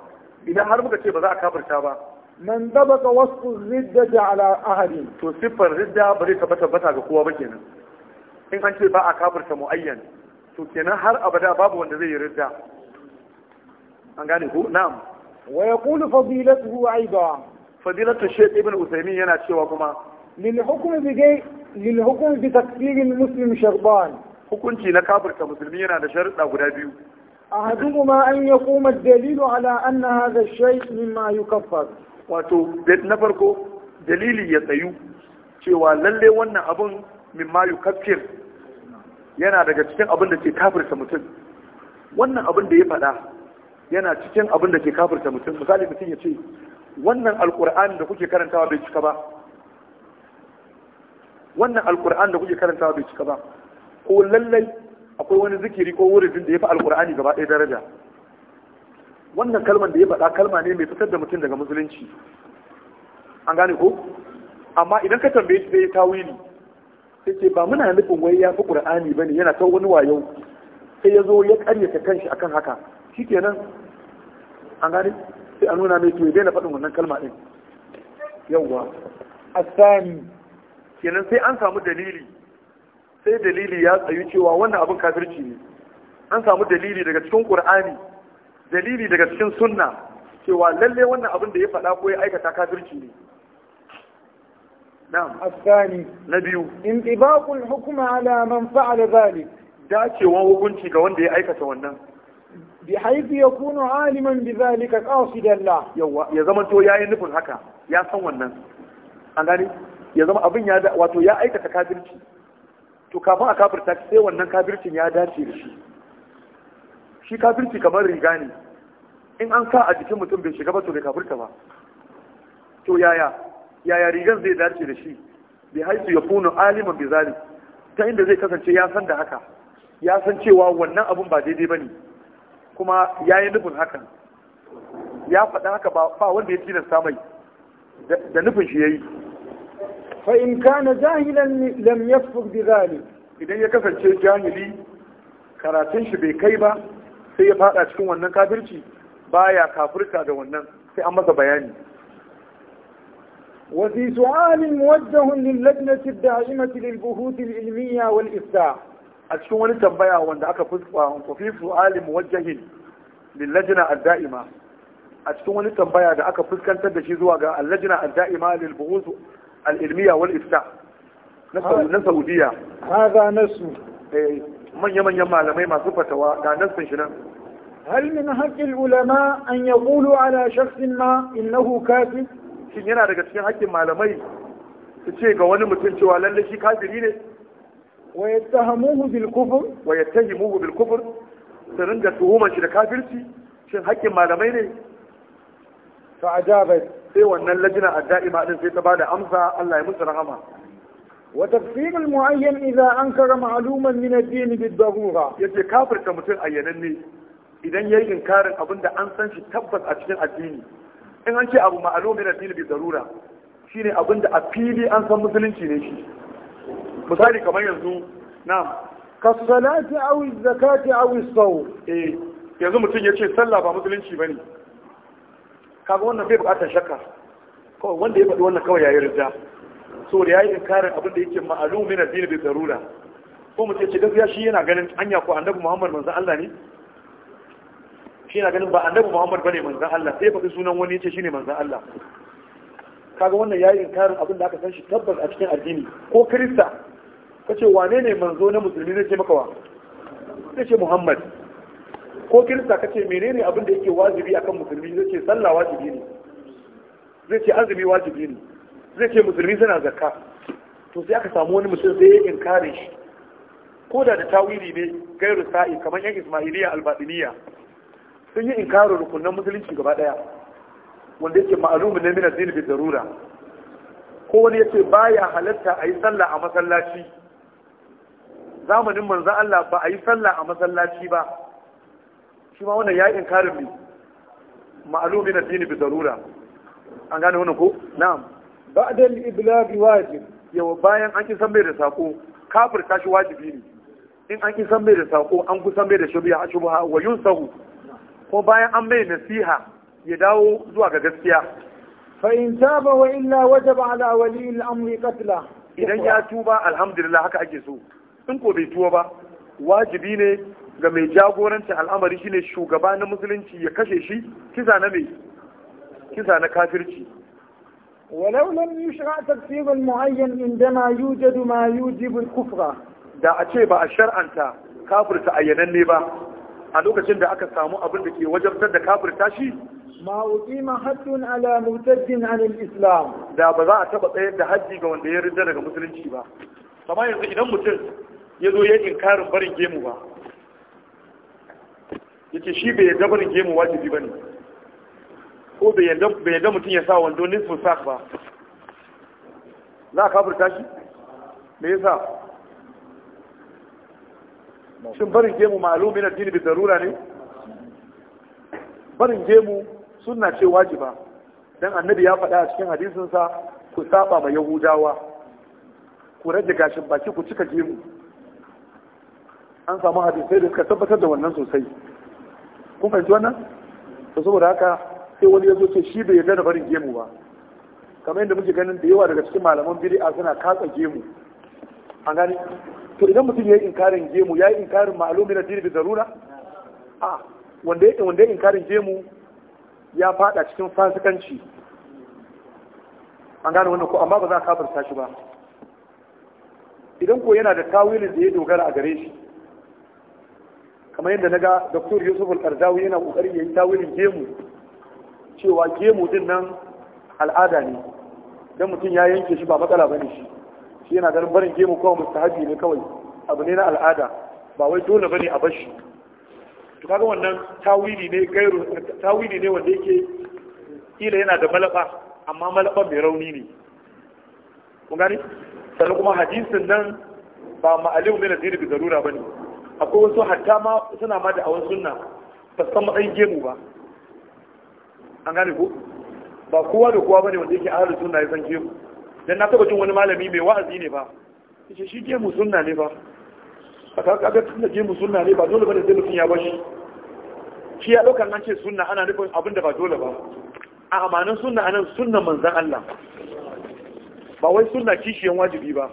idan har muka ce ba za a kafirta ba man dabaka wasu ridda ala ahadin to siffar ridda ba zai tabbata bata ga kowa ba kenan in an ce ba a kafirta muayyan to kenan har abada babu wanda zai yi ridda an gane ku na'am wa yaqulu fadilatuhu aidan fadilatu shaykh ibn usaymin yana cewa kuma lil hukmi bi للحكم بتكفير المسلم شرطان hukunci na kafirta musulmi yana da sharuɗa guda biyu ahaduhuma an yaquma ad-dalilu ala anna hadha ash-shay mimma yukaffar wato na farko dalili ya tsayu cewa lalle wannan abun mimma yukaffir yana daga cikin abin da ke kafirta mutum wannan abin da ya faɗa yana cikin abin da ke kafirta mutum misali mutum ya ce wannan alkur'ani da kuke karantawa bai cika ba wannan alkur'an da kuke karantawa bai cika ba ko lallai akwai wani zikiri ko wurin da ya fi alkur'ani gaba ɗaya daraja wannan kalmar da ya faɗa kalma ne mai fitar da mutum daga musulunci an gane ko amma idan ka tambaye shi zai tawili sai ce ba muna nufin wai ya fi qur'ani bane yana ta wani wayo sai ya zo ya karyata kanshi akan haka shikenan an gane sai a nuna mai to ya daina faɗin wannan kalma din yauwa asani kenan sai an samu dalili sai dalili ya tsayu cewa wannan abin kafirci ne an samu dalili daga cikin qur'ani dalili daga cikin sunna cewa lalle wannan abin da ya faɗa ko ya aikata kafirci ne na'am asani na biyu intibaqul hukma ala man fa'ala zalik dacewan hukunci ga wanda ya aikata wannan بحيث يكون aliman bi zalika له يوا Ya زمان تو yayin nufin haka ya san wannan an gani ya zama abin ya wato ya aikata kafirci to kafin a kafirta sai wannan kafircin ya dace da shi shi kafirci kamar riga ne in an sa a jikin mutum bai shiga ba to bai kafirta ba to yaya yaya rigan zai dace da shi bai haisu ya kuna aliman bai ta inda zai kasance ya san da haka ya san cewa wannan abun ba daidai ba ne kuma ya yi nufin hakan ya faɗa haka ba wanda ya tilasta mai da nufin shi ya yi fa in kana jahilan lam yafuk bidhalik idan ya kasance jahili karatun shi bai kai ba sai ya fada cikin wannan kafirci baya kafirta da wannan sai an masa bayani wa fi su'ali muwajjahun lil lajnati da'imati lil buhut al ilmiya wal ifta a cikin wani tambaya wanda aka fuskwa an fi su'ali muwajjahin lil lajna al da'ima a cikin wani tambaya da aka fuskantar da shi zuwa ga al lajna al da'ima lil buhut al-ilmiya wal ifta na saudiya haza nasu eh, manya-manyan malamai masu fatawa da nasin shi nan هل من حق العلماء أن يقولوا على شخص ما إنه shin yana daga cikin haƙƙin malamai su ce ga wani mutum cewa lalle shi kafiri ne wa yattahamuhu bil kufr wa ringa shi da kafirci shin haƙƙin malamai ne fa sai wannan lajina a da'ima din sai ta bada amsa Allah ya musu rahama wa tafsir al mu'ayyan idza ankara ma'luman min ad-din bid darura yace kafirta mutum ayyananne idan yayi inkarin abinda an san shi tabbas a cikin addini in an ce abu ma'lum min ad-din bid darura shine abinda a fili an san musulunci ne shi misali kamar yanzu na'am kasalati aw zakati aw sawm eh yanzu mutum yace sallah ba musulunci bane kaga wannan bai bukatar shakka kawai wanda ya faɗi wannan kawai yayi rida da yayi inkarin abin da yake ma'lum min addini bi darura ko mutum ce gaskiya shi yana ganin anya ko annabi Muhammad manzon Allah ne shi yana ganin ba annabi Muhammad bane manzon Allah sai faɗi sunan wani yace shine manzon Allah kaga wannan yayi inkarin abin da aka san shi tabbas a cikin addini ko Kirista kace wane ne manzo na musulmi zai ce maka wa sai ce Muhammad ko kirista ce menene abin da yake wajibi akan musulmi zai ce sallah wajibi ne zai ce azumi wajibi ne zai ce musulmi suna zakka to sai aka samu wani mutum sai ya inkare shi ko da da tawili ne gairu sa'i kamar yan ismailiya albatiniya sun yi inkarin rukunan musulunci gaba daya wanda yake ma'alumin na min addini bi darura ko wani yace baya halatta a yi sallah a masallaci zamanin manzan Allah ba a yi sallah a masallaci ba shi ma wannan ya yi inkarin bi na addini bi darura an gane wannan ko na'am ibla bi wajib yawa bayan an kisan mai da sako kafirta shi wajibi ne in an kisan mai da sako an kusan mai da shubha shubha wa yunsahu ko bayan an mai nasiha ya dawo zuwa ga gaskiya fa in taba wa illa wajaba ala wali al-amri idan ya tuba alhamdulillah haka ake so in ko bai tuwa ba wajibi ne ga mai jagorancin al'amari shine shugaba na musulunci ya kashe shi kisa na mai kisa na kafirci ولو لم يشرع تكفير معين عندما يوجد ما يوجب الكفر da a ce ba a shar'anta kafirta ayyananne ba a lokacin da aka samu abin da ke wajabtar da kafirta shi ma uqima haddun ala mutaddin an islam da ba za a taba tsayar da haji ga wanda ya rinda daga musulunci ba kamar yanzu idan mutum ya zo ya inkarin barin gemu ba yace shi bai yadda barin gemu wajibi bane ko bai yadda bai yadda mutum ya sa wando nisfu sak ba za ka furta shi me yasa shin barin gemu ma'lumin jini bi darura ne barin gemu sunna ce wajiba dan annabi ya faɗa a cikin hadisin sa ku saba ma yahudawa ku rage gashin baki ku cika gemu an samu hadisai da suka tabbatar da wannan sosai kun fahimci wannan to saboda haka sai wani ya zo ce shi bai yarda da barin gemu ba kamar yadda muke ganin da yawa daga cikin malaman bid'a suna katsa gemu an gani to idan mutum ya yi inkarin gemu ya yi inkarin ma'alumi na dirbi zarura a wanda ya wanda ya inkarin gemu ya fada cikin fasikanci an gane wannan ko amma ba za a kafirta shi ba idan ko yana da tawilin da ya dogara a gare shi kamar yadda naga Dr. Yusuf Al-Qardawi yana kokari yi tawilin gemu cewa gemu din nan al'ada ne dan mutum ya yanke shi ba matsala bane shi shi yana ganin barin gemu kawai mustahabi ne kawai abu ne na al'ada ba wai dole bane a bar shi to kaga wannan tawili ne gairu tawili ne wanda yake kila yana da malaba amma malaban mai rauni ne kun gani sannan kuma hadisin nan ba ma'alin min addini bi darura bane akwai wasu hatta ma suna ma da awon sunna ba san matsayin gemu ba an gane ko ba kowa da kowa bane wanda yake ahlus sunna ya san gemu dan na taba jin wani malami mai wa'azi ne ba yace shi gemu sunna ne ba ka ga tunda gemu sunna ne ba dole bane sai mutum ya bashi shi ya daukan nan ce sunna ana nufin abin da ba dole ba a amanin sunna anan sunnan manzon Allah ba wai sunna kishiyan wajibi ba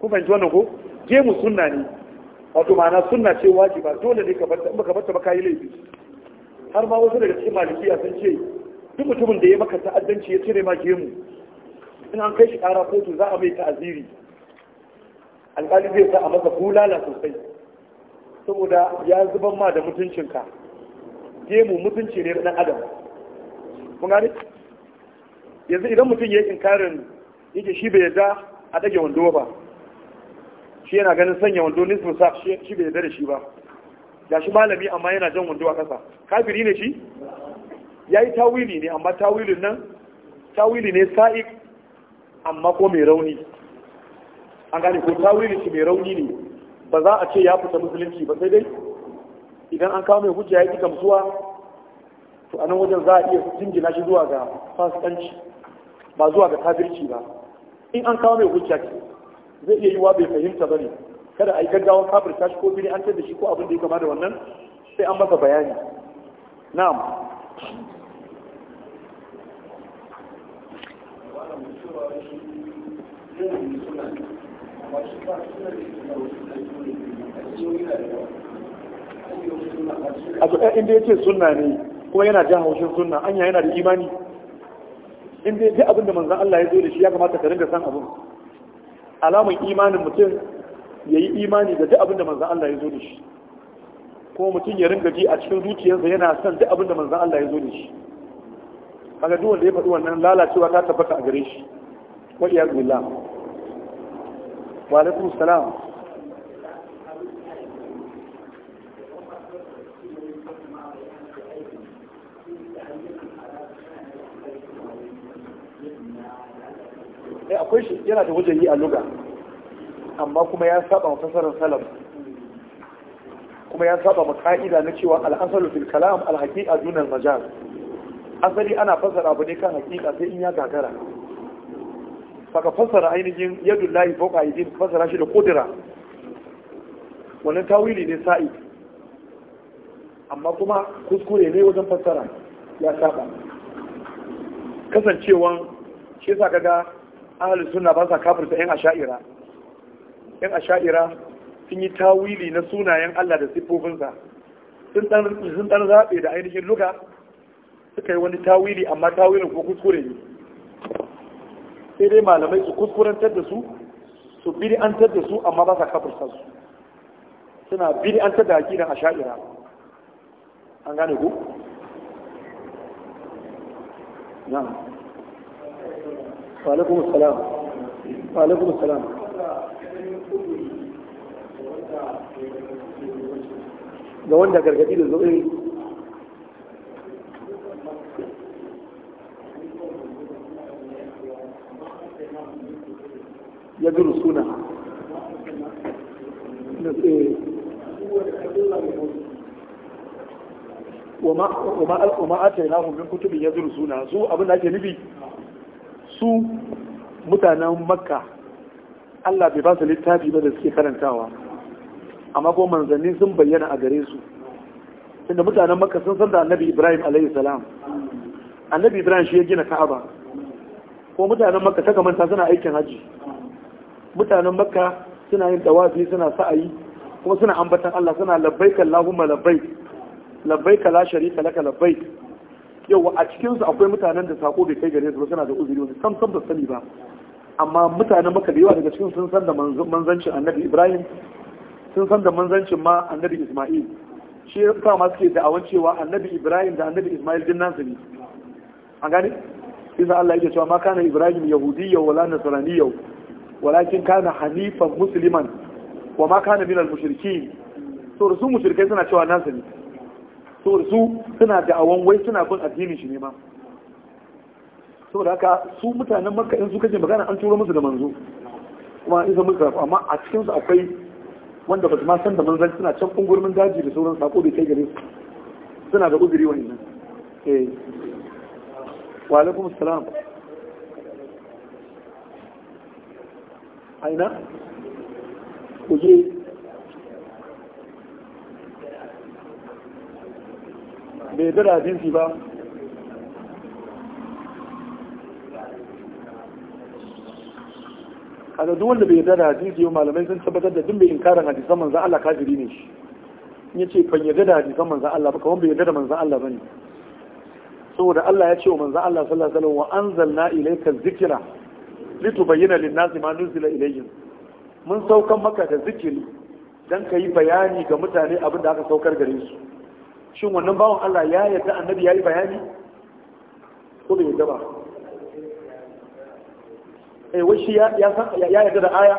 ku fahimci wannan ko gemu sunna ne wato ma'ana suna ce wajiba dole ne ka bata maka yi laifi har ma wasu daga cikin malikiya sun ce duk mutumin da ya maka ta'addanci ya cire ma gemu in an kai shi ƙara kotu za a mai ta'aziri alƙali zai sa a masa bulala sosai saboda ya zuban ma da mutuncinka gemu mutunci ne na adam yanzu idan mutum ya yi inkarin yake shi bai yarda a ɗage wando ba shi yana ganin sanya wando nisfu sa shi bai yarda da shi ba ga shi malami amma yana jan wando a ƙasa kafiri ne shi ya yi tawili ne amma tawilin nan tawili ne sa'ik amma ko mai rauni an gane ko tawili shi mai rauni ne ba za a ce ya fita musulunci ba sai dai idan an kawo mai hujja ya ƙi gamsuwa to a nan wajen za a iya jingina shi zuwa ga fasikanci ba zuwa ga kafirci ba in an kawo mai hujja ki? zai iya yiwa bai fahimta bane kada a yi gaggawan kafirta shi ko bini an da shi ko abin da ya kama da wannan sai an masa bayani na'am a zuwa eh, inda ya ce sunna ne kuma yana jan haushin sunna anya yana da imani inda ya ce abin da manzan Allah ya zo da shi ya kamata ka ringa san abin alamun imanin mutum ya yi imani da duk abin da manzan Allah ya zo da shi kuma mutum ya ringa ji a cikin zuciyarsa yana son duk abin da manzan Allah ya zo da shi kaga duk wanda ya faɗi wannan lalacewa ta tabbata a gare shi wa iyaz billah wa alaikum salam eh akwai shi yana da wajen yi a luga amma kuma ya saba wa fasarar salam kuma ya saba ma ka'ida na cewa al'asalu fil kalam alhaqiqa duna dun al-majaz asali ana fasara abu ne kan haqiqa sai in ya gagara saka fasara ainihin yadu lahi fawqa aydin fasara shi da qudra wannan tawili ne sa'i amma kuma kuskure ne wajen fasara ya saba kasancewan shi yasa kaga ahalus suna ba sa kafirta yan asha'ira yan asha'ira sun yi tawili na sunayen Allah da siffofinsa sun dan zaɓe da ainihin luka suka yi wani tawili amma tawilin ko kuskure ne sai dai malamai su kuskurantar da su su biri tar da su amma ba sa kafirta su suna biri an tar da aqidan asha'ira an gane ku na'am وعليكم السلام وعليكم السلام ga wanda gargadi da zobe ya duru suna wa ma'ata na min kutubin ya duru suna su abin da ake nufi su mutanen makka Allah bai ba su littafi ba da suke karantawa amma kuma manzanni sun bayyana a gare su inda mutanen makka sun san da annabi ibrahim alayhi salam annabi ibrahim shi ya gina ka'aba ko mutanen makka ta kamanta suna aikin haji mutanen makka suna yin tawafi suna sa'ayi kuma suna ambatan Allah suna labbaik Allahumma labbaik labbaik la sharika laka labbaik yau a cikinsu akwai mutanen da sako bai kai gare su ba suna da uzuri wani sam sam ba sani ba amma mutanen maka da yawa daga cikin sun san da manzancin annabi ibrahim sun san da manzancin ma annabi isma'il shi ya sa ma suke da'awan cewa annabi ibrahim da annabi isma'il din nasu ne an gane idan Allah yake cewa ma kana ibrahim yahudiyya wala nasraniyya walakin kana hanifan musliman wa ma kana minal mushrikin so su mushrikai suna cewa nasu ne saboda su suna da'awan wai suna bin addinin shi ne ma saboda haka su mutanen makka in su kace magana an turo musu da manzo kuma isa musu rafu amma a cikinsu akwai wanda ba su ma san da manzan suna can kungurmin daji da sauran sako bai kai gare su suna da uzuri wani nan eh wa alaikum assalam aina je bai yarda da hadisi ba da duk wanda bai yarda da hadisi yau malamai sun tabbatar da duk bai inkarin hadisan manzan Allah kafiri ne shi in yace ban yadda da hadisan manzan Allah ba kuma bai yadda da manzan Allah bane saboda Allah ya ce wa manzan Allah sallallahu alaihi wasallam wa anzalna ilayka dhikra litubayyana lin-nasi ma nuzila ilayhim mun saukan maka da zikiri dan ka yi bayani ga mutane abin da aka saukar gare su shin wannan bawan Allah ya yarda annabi ya yi bayani ko bai yarda ba eh wai shi ya yadda da aya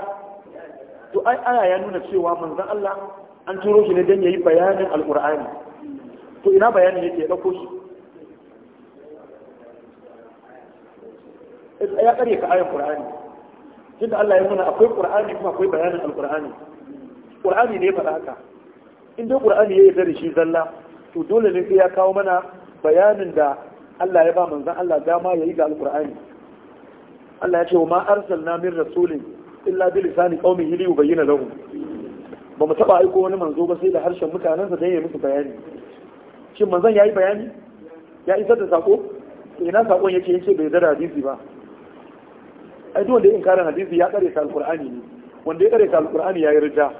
to ai aya ya nuna cewa manzan Allah an turo shi ne don ya yi bayanin alqur'ani to ina bayanin yake ya dauko shi eh, ya kare ka ayan qur'ani da Allah ya nuna akwai ƙur'ani kuma akwai bayanin alqur'ani Ƙur'ani ne ya faɗa haka in dai ƙur'ani ya yi da shi zalla to dole ne sai ya kawo mana bayanin da Allah ya ba manzan Allah dama ya yi ga Alƙur'ani? Allah ya ce wa ma arsalna min rasulin illa bi lisani qaumihi li yubayyana lahum ba mu taba aiko wani manzo ba sai da harshen mutanensa dan ya musu bayani shin manzon yayi bayani ya isar da sako ina sakon yake yace bai zara hadisi ba ai duk wanda ya karanta hadisi ya kare ta Alƙur'ani ne wanda ya kare ta ya yayi rija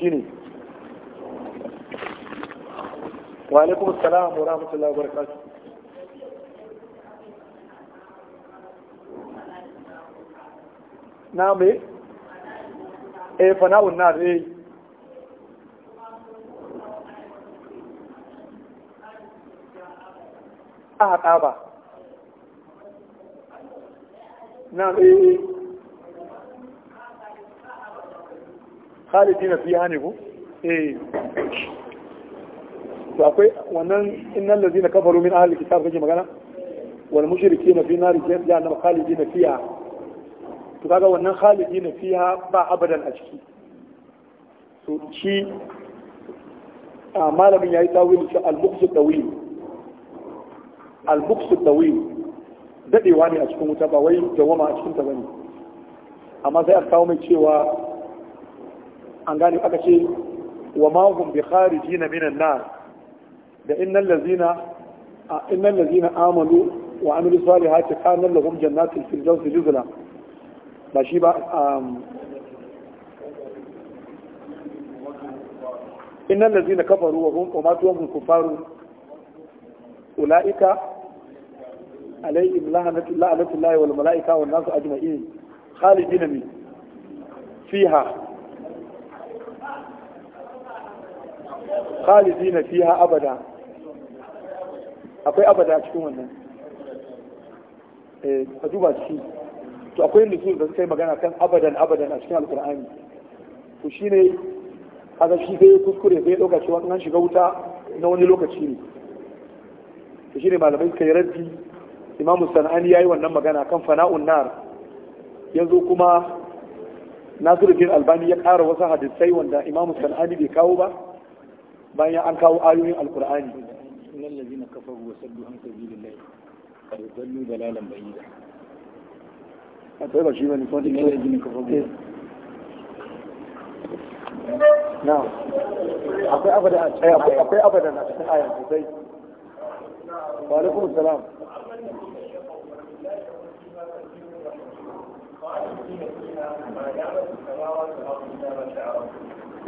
shine wa alaikum assalam wa rahmatullahi wa barakatuh na me eh fana'un eh. na ɗaya. a na eh ne ku? eh to akwai wannan innal ladina kafaru min ahli kitab kake magana wal mushrikeena fi nari jahannam khalidina fiha to kaga wannan khalidina fiha ba abadan a ciki to shi a malamin yayi tawil shi al-buqsu tawil al-buqsu tawil dadewa ne a cikin wuta ba wai dawama a cikin ta bane amma sai a kawo mai cewa an gane aka ce wa ma hum bi kharijina minan nar إن الذين إن الذين آمنوا وعملوا صالحات كان لهم جنات في الجوز جزلا ماشي با إن الذين كفروا وهم وماتوا وهم كفار أولئك عليهم لعنة الله الله والملائكة والناس أجمعين خالدين من فيها خالدين فيها أبدا akwai abada a cikin wannan eh, a duba ciki to akwai nusul da suka yi magana kan abadan abadan a cikin alkur'ani to shine kaga shi zai kuskure sai ɗauka cewa an shiga wuta na wani lokaci ne to shine malamai suka yi raddi imamu ya yi wannan magana kan fana'un nar yanzu kuma nasiruddin albani ya ƙara wasu hadisai wanda imamu sana'ani bai kawo ba bayan an kawo ayoyin alkur'ani إلا الذين كفروا وسدوا عن سبيل الله قد ضلوا ضلالا بعيدا أتبع شيء من فاتك إلا الذين كفروا إيه. نعم أقول أبدا أقول إيه، أبدا أحسن أبدا سيد وعليكم السلام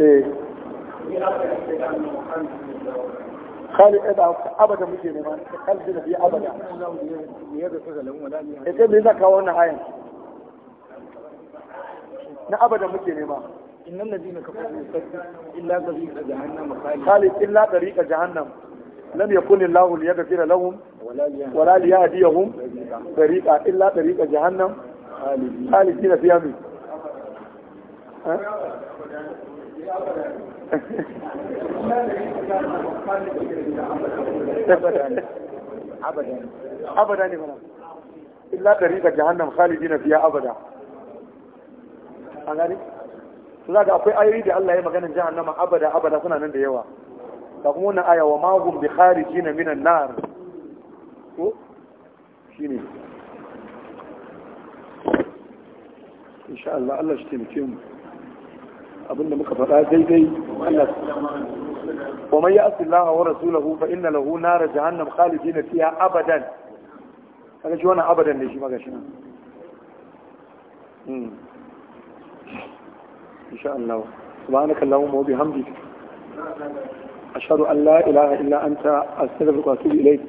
ايه خالد ادعى ابدا مش ما خالد ده في ابدا ايه me zaka wannan ayan na abada muke nema innal ladina kafaru illa tariqa jahannam khalid illa tariqa jahannam لم يكن الله ليغفر لهم ولا ليهديهم طريقا الا طريق جهنم خالدين فيها abada ne mana illa ɗari tariqa jahannam khalidina fiha abada an gani to zaka akwai ayoyi da Allah ya magana jahannama abada abada suna nan da yawa da kuma wani ayawa wa ma hum bi kharijina minan nar ko shi ne. insha Allah Allah shi taimake mu abinda muka faɗa daidai Allah wa man ya'si Allah wa rasulahu fa inna lahu nar jahannam khalidin fiha abadan kaga shi wannan abadan ne shi magashi nan mm insha Allah subhanaka allahumma wa bihamdika ashhadu an la ilaha illa anta astaghfiruka wa atubu ilayk